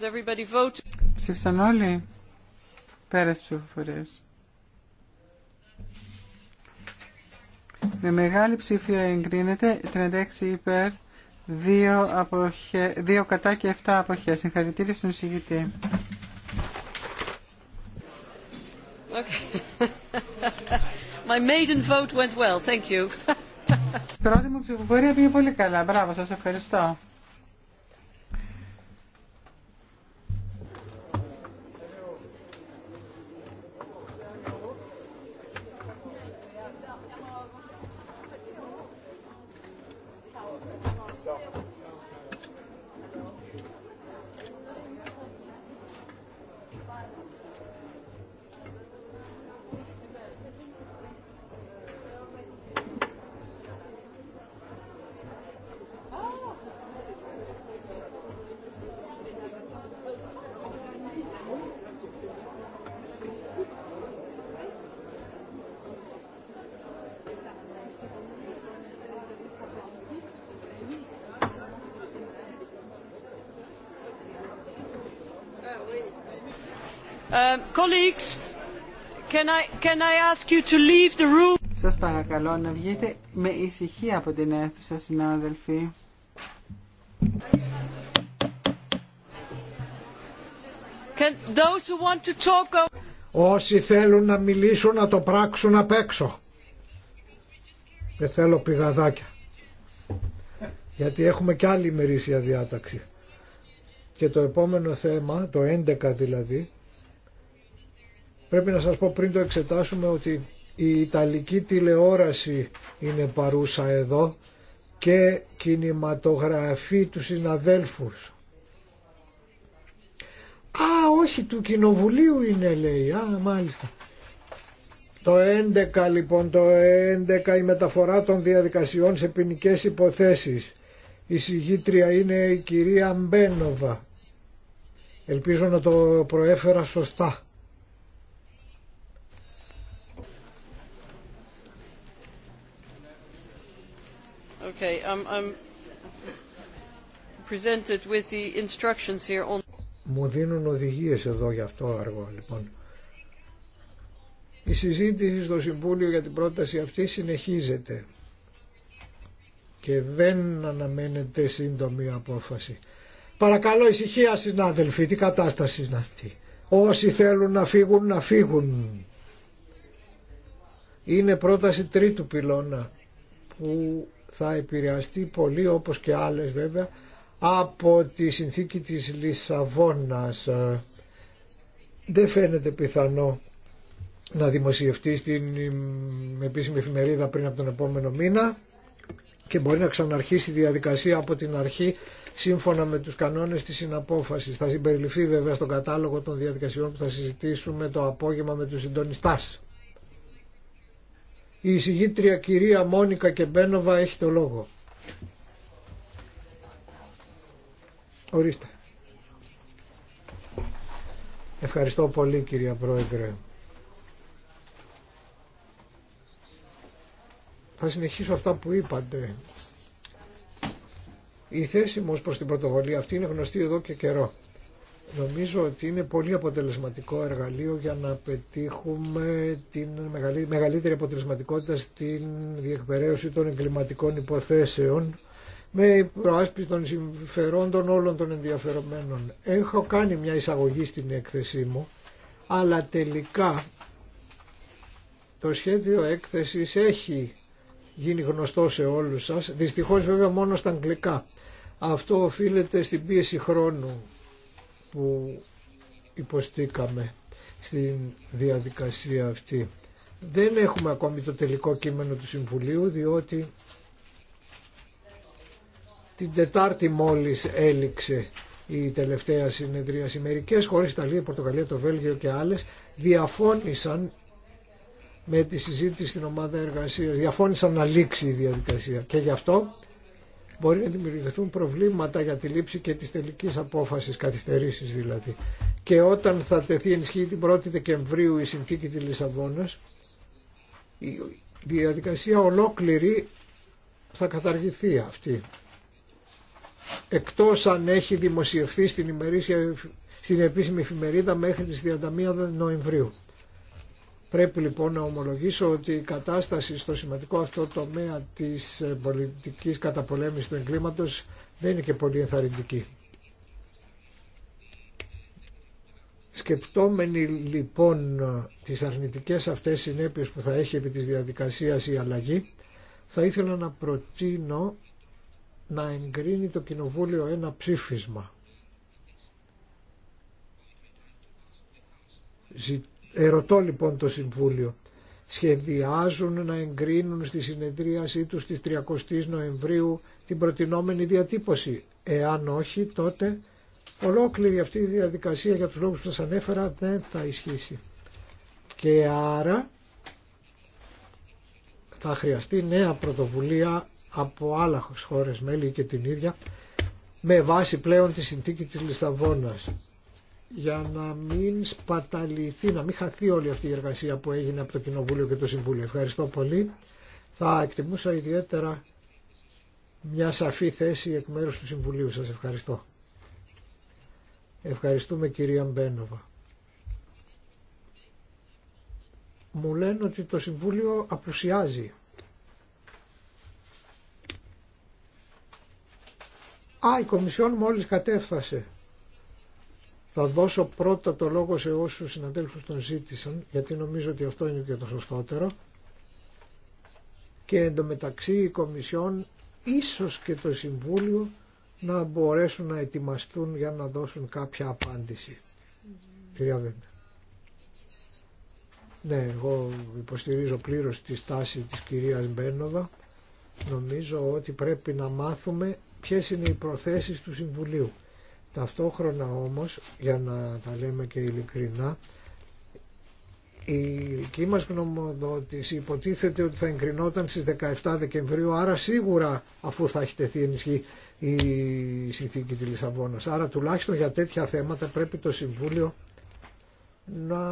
Speaker 2: Does
Speaker 9: Ψήφισαν όλοι. Πέρας ψηφοφορίες. Με μεγάλη ψηφία εγκρίνεται 36 υπέρ, 2, αποχε... 2 κατά και 7 αποχές. Συγχαρητήρια στον συγητή.
Speaker 2: Okay. My maiden vote went well. Thank you. Η πρώτη μου
Speaker 9: ψηφοφορία πήγε πολύ καλά. Μπράβο, σας ευχαριστώ.
Speaker 2: can I, can I ask you to leave the room?
Speaker 9: Σας παρακαλώ να βγείτε με ησυχία από την αίθουσα, συνάδελφοι.
Speaker 2: Can those who want to talk...
Speaker 9: Όσοι θέλουν να μιλήσουν
Speaker 7: να το πράξουν απ' έξω. Δεν θέλω πηγαδάκια. Γιατί έχουμε και άλλη ημερήσια διάταξη. Και το επόμενο θέμα, το 11 δηλαδή, Πρέπει να σας πω πριν το εξετάσουμε ότι η Ιταλική τηλεόραση είναι παρούσα εδώ και κινηματογραφή του συναδέλφου. Α, όχι, του Κοινοβουλίου είναι λέει. Α, μάλιστα. Το 11 λοιπόν, το 11 η μεταφορά των διαδικασιών σε ποινικέ υποθέσεις. Η συγγήτρια είναι η κυρία Μπένοβα. Ελπίζω να το προέφερα σωστά.
Speaker 2: Um,
Speaker 7: Μου δίνουν οδηγίε εδώ γι' αυτό αργό λοιπόν. Η συζήτηση στο Συμβούλιο για την πρόταση αυτή συνεχίζεται και δεν αναμένεται σύντομη απόφαση. Παρακαλώ ησυχία συνάδελφοι, τι κατάσταση είναι αυτή. Όσοι θέλουν να φύγουν, να φύγουν. Είναι πρόταση τρίτου πυλώνα που θα επηρεαστεί πολύ όπως και άλλες βέβαια από τη συνθήκη της Λισαβόνας. Ε, δεν φαίνεται πιθανό να δημοσιευτεί στην ε, επίσημη εφημερίδα πριν από τον επόμενο μήνα και μπορεί να ξαναρχίσει η διαδικασία από την αρχή σύμφωνα με τους κανόνες της συναπόφασης. Θα συμπεριληφθεί βέβαια στον κατάλογο των διαδικασιών που θα συζητήσουμε το απόγευμα με τους συντονιστάς. Η εισηγήτρια κυρία Μόνικα Κεμπένοβα έχει το λόγο. Ορίστε. Ευχαριστώ πολύ κυρία Πρόεδρε. Θα συνεχίσω αυτά που είπατε. Η θέση μου ως προς την πρωτοβολία αυτή είναι γνωστή εδώ και καιρό. Νομίζω ότι είναι πολύ αποτελεσματικό εργαλείο για να πετύχουμε την μεγαλύτερη αποτελεσματικότητα στην διεκπαιρέωση των εγκληματικών υποθέσεων με προάσπιση των συμφερόντων όλων των ενδιαφερομένων. Έχω κάνει μια εισαγωγή στην έκθεσή μου, αλλά τελικά το σχέδιο έκθεσης έχει γίνει γνωστό σε όλους σας, δυστυχώς βέβαια μόνο στα αγγλικά. Αυτό οφείλεται στην πίεση χρόνου που υποστήκαμε στη διαδικασία αυτή. Δεν έχουμε ακόμη το τελικό κείμενο του Συμβουλίου διότι την Τετάρτη μόλις έληξε η τελευταία συνεδρίαση. Μερικές χώρες, Ιταλία, Πορτογαλία, το Βέλγιο και άλλες, διαφώνησαν με τη συζήτηση στην ομάδα εργασίας, διαφώνησαν να λήξει η διαδικασία. Και γι' αυτό μπορεί να δημιουργηθούν προβλήματα για τη λήψη και τη τελική απόφαση καθυστερήσει δηλαδή. Και όταν θα τεθεί ενισχύει την 1η Δεκεμβρίου η συνθήκη της Λισαβόνας, η συνθηκη τη λισαβονα ολόκληρη θα καταργηθεί αυτή. Εκτός αν έχει δημοσιευθεί στην, στην επίσημη εφημερίδα μέχρι τις 31 Νοεμβρίου. Πρέπει λοιπόν να ομολογήσω ότι η κατάσταση στο σημαντικό αυτό τομέα της ε, πολιτικής καταπολέμησης του εγκλήματος δεν είναι και πολύ ενθαρρυντική. Σκεπτόμενοι λοιπόν τις αρνητικές αυτές συνέπειες που θα έχει επί της διαδικασίας η αλλαγή, θα ήθελα να προτείνω να εγκρίνει το Κοινοβούλιο ένα ψήφισμα Ερωτώ λοιπόν το Συμβούλιο. Σχεδιάζουν να εγκρίνουν στη συνεδρίασή τους στις 30 Νοεμβρίου την προτινόμενη διατύπωση. Εάν όχι τότε ολόκληρη αυτή η διαδικασία για τους λόγους που σας ανέφερα δεν θα ισχύσει. Και άρα θα χρειαστεί νέα πρωτοβουλία από άλλα χώρες μέλη και την ίδια με βάση πλέον τη συνθήκη της Λισαβόνας για να μην σπαταληθεί, να μην χαθεί όλη αυτή η εργασία που έγινε από το Κοινοβούλιο και το Συμβούλιο. Ευχαριστώ πολύ. Θα εκτιμούσα ιδιαίτερα μια σαφή θέση εκ μέρους του Συμβουλίου. Σας ευχαριστώ. Ευχαριστούμε κυρία Μπένοβα. Μου λένε ότι το Συμβούλιο απουσιάζει. Α, η Κομισιόν μόλις κατέφθασε. Θα δώσω πρώτα το λόγο σε όσους συναδέλφους τον ζήτησαν, γιατί νομίζω ότι αυτό είναι και το σωστότερο. Και εντωμεταξύ η Κομισιόν, ίσως και το Συμβούλιο, να μπορέσουν να ετοιμαστούν για να δώσουν κάποια απάντηση.
Speaker 11: Mm-hmm.
Speaker 7: Κυρία Βέντε. Ναι, εγώ υποστηρίζω πλήρως τη στάση της κυρίας Μπένοβα. Νομίζω ότι πρέπει να μάθουμε ποιες είναι οι προθέσεις του Συμβουλίου. Ταυτόχρονα όμως, για να τα λέμε και ειλικρινά, η δική μας γνωμοδότηση υποτίθεται ότι θα εγκρινόταν στις 17 Δεκεμβρίου, άρα σίγουρα αφού θα έχει τεθεί ενισχύ η συνθήκη της Λισαβόνας. Άρα τουλάχιστον για τέτοια θέματα πρέπει το Συμβούλιο να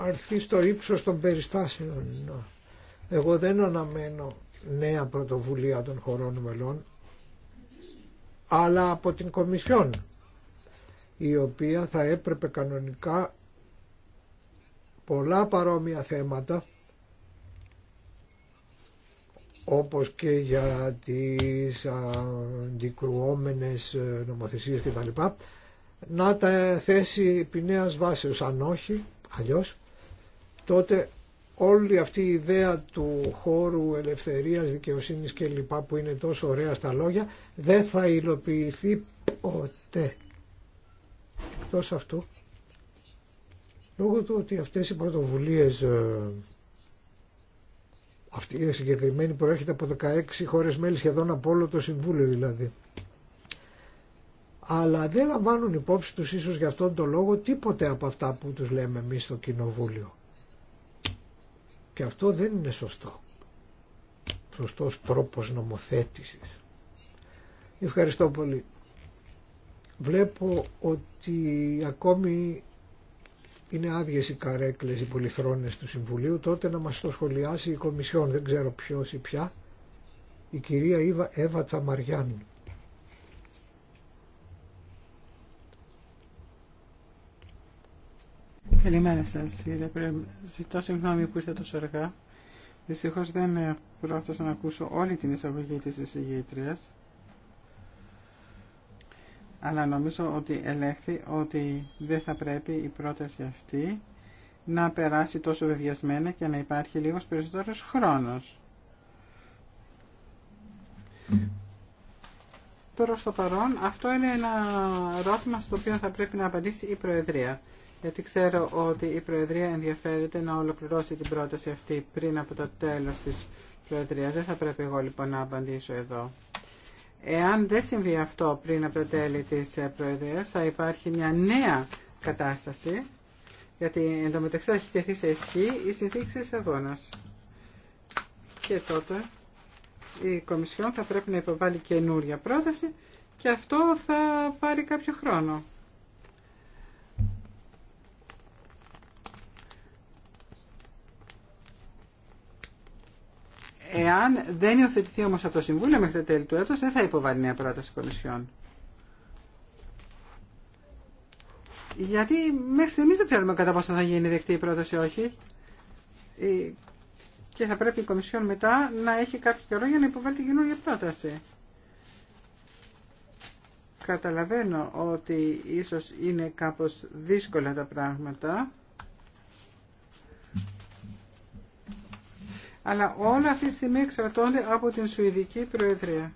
Speaker 7: αρθεί στο ύψος των περιστάσεων. Εγώ δεν αναμένω νέα πρωτοβουλία των χωρών μελών, αλλά από την Κομισιόν η οποία θα έπρεπε κανονικά πολλά παρόμοια θέματα όπως και για τις αντικρουόμενες νομοθεσίες κτλ. να τα θέσει επί νέας Αν όχι, αλλιώς, τότε όλη αυτή η ιδέα του χώρου ελευθερίας, δικαιοσύνης και λοιπά που είναι τόσο ωραία στα λόγια δεν θα υλοποιηθεί ποτέ. Εκτός αυτού, λόγω του ότι αυτές οι πρωτοβουλίες ε, αυτή η συγκεκριμένη προέρχεται από 16 χώρες μέλη σχεδόν από όλο το Συμβούλιο δηλαδή αλλά δεν λαμβάνουν υπόψη τους ίσως για αυτόν τον λόγο τίποτε από αυτά που τους λέμε εμείς στο Κοινοβούλιο. Και αυτό δεν είναι σωστό. Σωστός τρόπος νομοθέτησης. Ευχαριστώ πολύ. Βλέπω ότι ακόμη είναι άδειε οι καρέκλες, οι πολυθρόνες του Συμβουλίου, τότε να μας το σχολιάσει η Κομισιόν, δεν ξέρω ποιος ή ποια, η κυρία Εύα Τσαμαριάν.
Speaker 9: Καλημέρα σα, κύριε Πρέμ. Ζητώ συγγνώμη που ήρθα τόσο αργά. Δυστυχώ δεν πρόφτασα να ακούσω όλη την εισαγωγή τη εισηγήτρια. Αλλά νομίζω ότι ελέγχθη ότι δεν θα πρέπει η πρόταση αυτή να περάσει τόσο βεβαιασμένα και να υπάρχει λίγος περισσότερος χρόνος. Προς το παρόν, αυτό είναι ένα ερώτημα στο οποίο θα πρέπει να απαντήσει η Προεδρία γιατί ξέρω ότι η Προεδρία ενδιαφέρεται να ολοκληρώσει την πρόταση αυτή πριν από το τέλος της Προεδρίας. Δεν θα πρέπει εγώ λοιπόν να απαντήσω εδώ. Εάν δεν συμβεί αυτό πριν από το τέλη της Προεδρίας, θα υπάρχει μια νέα κατάσταση, γιατί εντωμεταξύ θα έχει τεθεί σε ισχύ η συνθήκη της Και τότε η Κομισιόν θα πρέπει να υποβάλει καινούρια πρόταση και αυτό θα πάρει κάποιο χρόνο. Εάν δεν υιοθετηθεί όμως από το Συμβούλιο μέχρι τα τέλη του έτους, δεν θα υποβάλει μια πρόταση Κομισιόν. Γιατί μέχρι στιγμής δεν ξέρουμε κατά πόσο θα γίνει δεκτή η πρόταση όχι. Ε, και θα πρέπει η Κομισιόν μετά να έχει κάποιο καιρό για να υποβάλει την καινούργια πρόταση. Καταλαβαίνω ότι ίσως είναι κάπως δύσκολα τα πράγματα αλλά όλα αυτή τη στιγμή εξαρτώνται από την Σουηδική Προεδρία.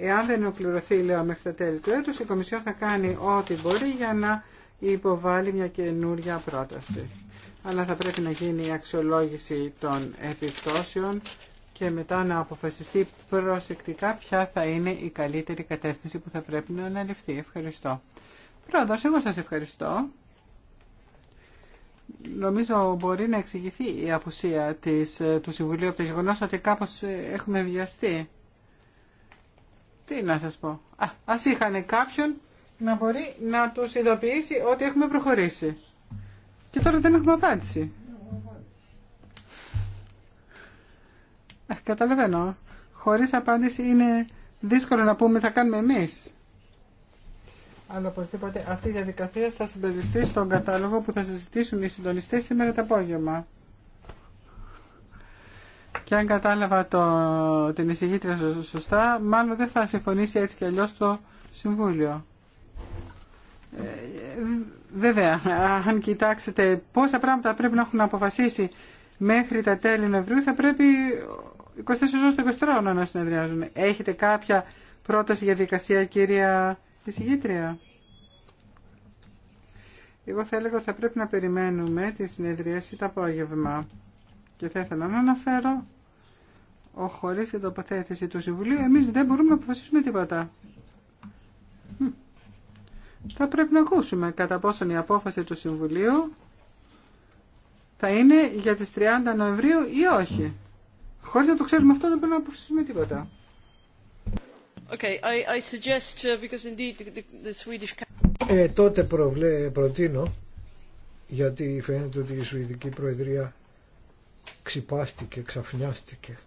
Speaker 9: Εάν δεν ολοκληρωθεί, λέω, μέχρι τα τέλη του έτους, η Κομισιόν θα κάνει ό,τι μπορεί για να υποβάλει μια καινούρια πρόταση. Αλλά θα πρέπει να γίνει η αξιολόγηση των επιπτώσεων και μετά να αποφασιστεί προσεκτικά ποια θα είναι η καλύτερη κατεύθυνση που θα πρέπει να αναλυφθεί. Ευχαριστώ. Πρόεδρος, εγώ σας ευχαριστώ νομίζω μπορεί να εξηγηθεί η απουσία της, ε, του Συμβουλίου από το γεγονό ότι κάπως ε, έχουμε βιαστεί. Τι να σας πω. Α, ας είχαν κάποιον να μπορεί να τους ειδοποιήσει ότι έχουμε προχωρήσει. Και τώρα δεν έχουμε απάντηση. Ε, καταλαβαίνω. Χωρίς απάντηση είναι δύσκολο να πούμε θα κάνουμε εμείς. Αλλά οπωσδήποτε αυτή η διαδικασία θα συμπεριληφθεί στον κατάλογο που θα συζητήσουν οι συντονιστές σήμερα το απόγευμα. Και αν κατάλαβα το, την εισηγήτρια σωστά, μάλλον δεν θα συμφωνήσει έτσι κι αλλιώ το Συμβούλιο. Ε, βέβαια, αν κοιτάξετε πόσα πράγματα πρέπει να έχουν αποφασίσει μέχρι τα τέλη Νευρίου, θα πρέπει 24 ώρες το 23 να συνεδριάζουν. Έχετε κάποια πρόταση για δικασία, κυρία τη Εγώ θα έλεγα θα πρέπει να περιμένουμε τη συνεδρίαση το απόγευμα. Και θα ήθελα να αναφέρω, ο χωρίς την τοποθέτηση του Συμβουλίου, εμείς δεν μπορούμε να αποφασίσουμε τίποτα. Θα πρέπει να ακούσουμε κατά πόσον η απόφαση του Συμβουλίου θα είναι για τις 30 Νοεμβρίου ή όχι. Χωρίς να το ξέρουμε αυτό δεν μπορούμε να αποφασίσουμε τίποτα
Speaker 7: ε, τότε προτείνω, γιατί φαίνεται ότι η Σουηδική Προεδρία ξυπάστηκε, ξαφνιάστηκε.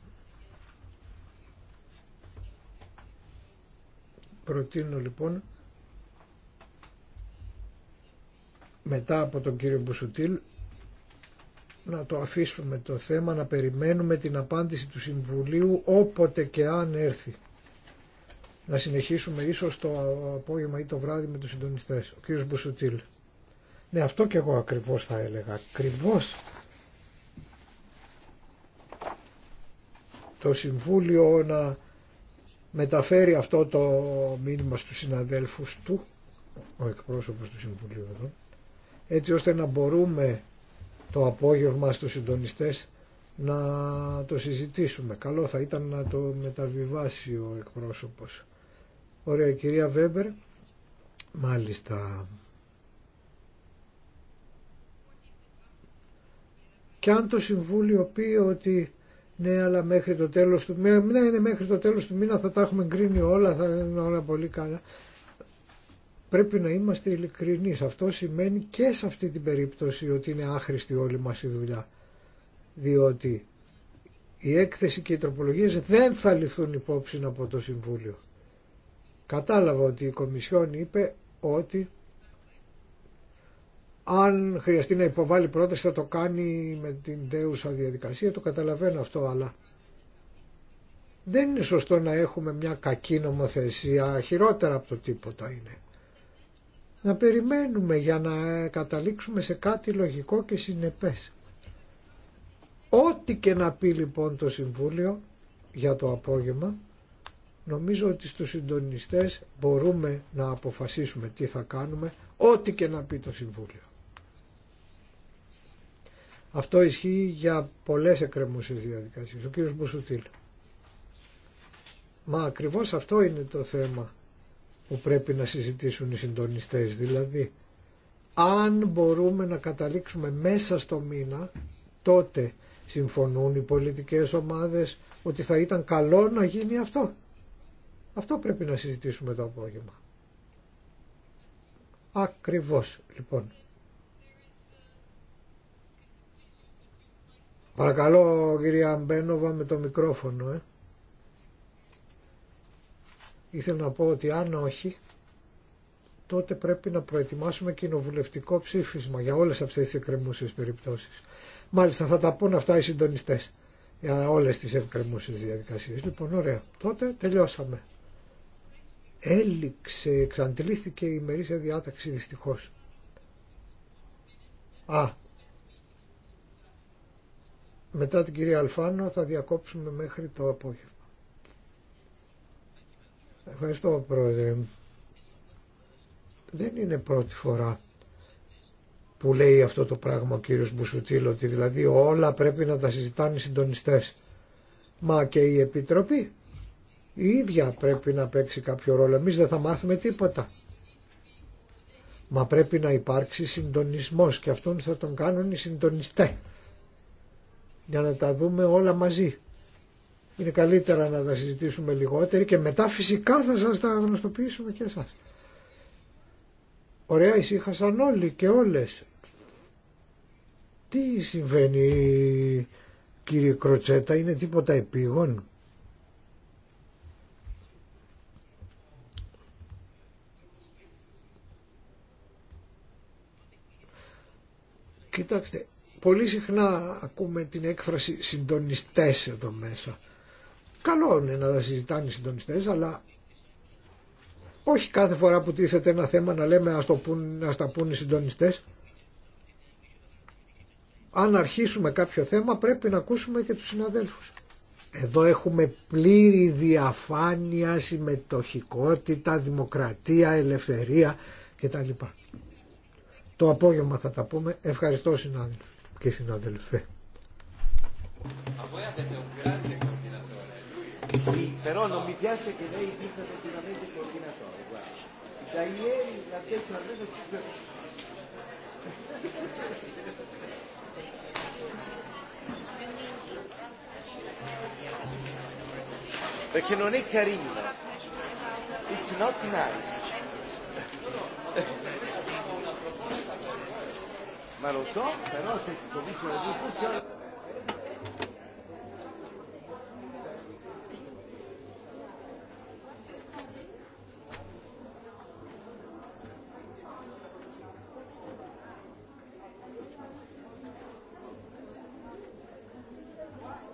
Speaker 7: Προτείνω λοιπόν μετά από τον κύριο Μπουσουτήλ να το αφήσουμε το θέμα, να περιμένουμε την απάντηση του Συμβουλίου όποτε και αν έρθει να συνεχίσουμε ίσως το απόγευμα ή το βράδυ με τους συντονιστές. Ο κύριος Μπουσουτήλ. Ναι, αυτό και εγώ ακριβώς θα έλεγα. Ακριβώς το Συμβούλιο να μεταφέρει αυτό το μήνυμα στους συναδέλφους του, ο εκπρόσωπος του Συμβουλίου εδώ, έτσι ώστε να μπορούμε το απόγευμα στους συντονιστές να το συζητήσουμε. Καλό θα ήταν να το μεταβιβάσει ο εκπρόσωπος. Ωραία, η κυρία Βέμπερ. Μάλιστα. Και αν το Συμβούλιο πει ότι ναι, αλλά μέχρι το τέλος του, ναι, ναι, ναι, μέχρι το τέλος του μήνα θα τα έχουμε γκρίνει όλα, θα είναι όλα πολύ καλά. Πρέπει να είμαστε ειλικρινείς. Αυτό σημαίνει και σε αυτή την περίπτωση ότι είναι άχρηστη όλη μας η δουλειά. Διότι η έκθεση και οι τροπολογίες δεν θα ληφθούν υπόψη από το Συμβούλιο. Κατάλαβα ότι η Κομισιόν είπε ότι αν χρειαστεί να υποβάλει πρόταση θα το κάνει με την τέουσα διαδικασία, το καταλαβαίνω αυτό, αλλά δεν είναι σωστό να έχουμε μια κακή νομοθεσία, χειρότερα από το τίποτα είναι. Να περιμένουμε για να καταλήξουμε σε κάτι λογικό και συνεπές. Ό,τι και να πει λοιπόν το Συμβούλιο για το απόγευμα, Νομίζω ότι στους συντονιστές μπορούμε να αποφασίσουμε τι θα κάνουμε, ό,τι και να πει το Συμβούλιο. Αυτό ισχύει για πολλές εκκρεμούσες διαδικασίες. Ο κύριος Μπουσουτήλ. Μα ακριβώς αυτό είναι το θέμα που πρέπει να συζητήσουν οι συντονιστές. Δηλαδή, αν μπορούμε να καταλήξουμε μέσα στο μήνα, τότε συμφωνούν οι πολιτικές ομάδες ότι θα ήταν καλό να γίνει αυτό. Αυτό πρέπει να συζητήσουμε το απόγευμα. Ακριβώς λοιπόν. Παρακαλώ κυρία Αμπένοβα με το μικρόφωνο. Ε. Ήθελα να πω ότι αν όχι τότε πρέπει να προετοιμάσουμε κοινοβουλευτικό ψήφισμα για όλες αυτές τις εκκρεμούσες περιπτώσεις. Μάλιστα θα τα πούν αυτά οι συντονιστές για όλες τις εκκρεμούσες διαδικασίες. Λοιπόν, ωραία. Τότε τελειώσαμε έληξε, εξαντλήθηκε η μερίσια διάταξη δυστυχώς. Α, μετά την κυρία Αλφάνο θα διακόψουμε μέχρι το απόγευμα. Ευχαριστώ πρόεδρε. Δεν είναι πρώτη φορά που λέει αυτό το πράγμα ο κύριος Μπουσουτήλ ότι δηλαδή όλα πρέπει να τα συζητάνε οι συντονιστές. Μα και η Επιτροπή η ίδια πρέπει να παίξει κάποιο ρόλο. Εμείς δεν θα μάθουμε τίποτα. Μα πρέπει να υπάρξει συντονισμός και αυτόν θα τον κάνουν οι συντονιστέ. Για να τα δούμε όλα μαζί. Είναι καλύτερα να τα συζητήσουμε λιγότεροι και μετά φυσικά θα σας τα γνωστοποιήσουμε και εσάς. Ωραία ησύχασαν όλοι και όλες. Τι συμβαίνει κύριε Κροτσέτα, είναι τίποτα επίγον. Κοιτάξτε, πολύ συχνά ακούμε την έκφραση συντονιστές εδώ μέσα. Καλό είναι να τα συζητάνε οι συντονιστές, αλλά όχι κάθε φορά που τίθεται ένα θέμα να λέμε ας, τα πούν οι συντονιστές. Αν αρχίσουμε κάποιο θέμα πρέπει να ακούσουμε και τους συναδέλφους. Εδώ έχουμε πλήρη διαφάνεια, συμμετοχικότητα, δημοκρατία, ελευθερία κτλ. Το απόγευμα θα τα πούμε. Ευχαριστώ συνάδελφοι και συνάδελφε.
Speaker 10: Sì, però non mi piace che lei dica Ma lo so, però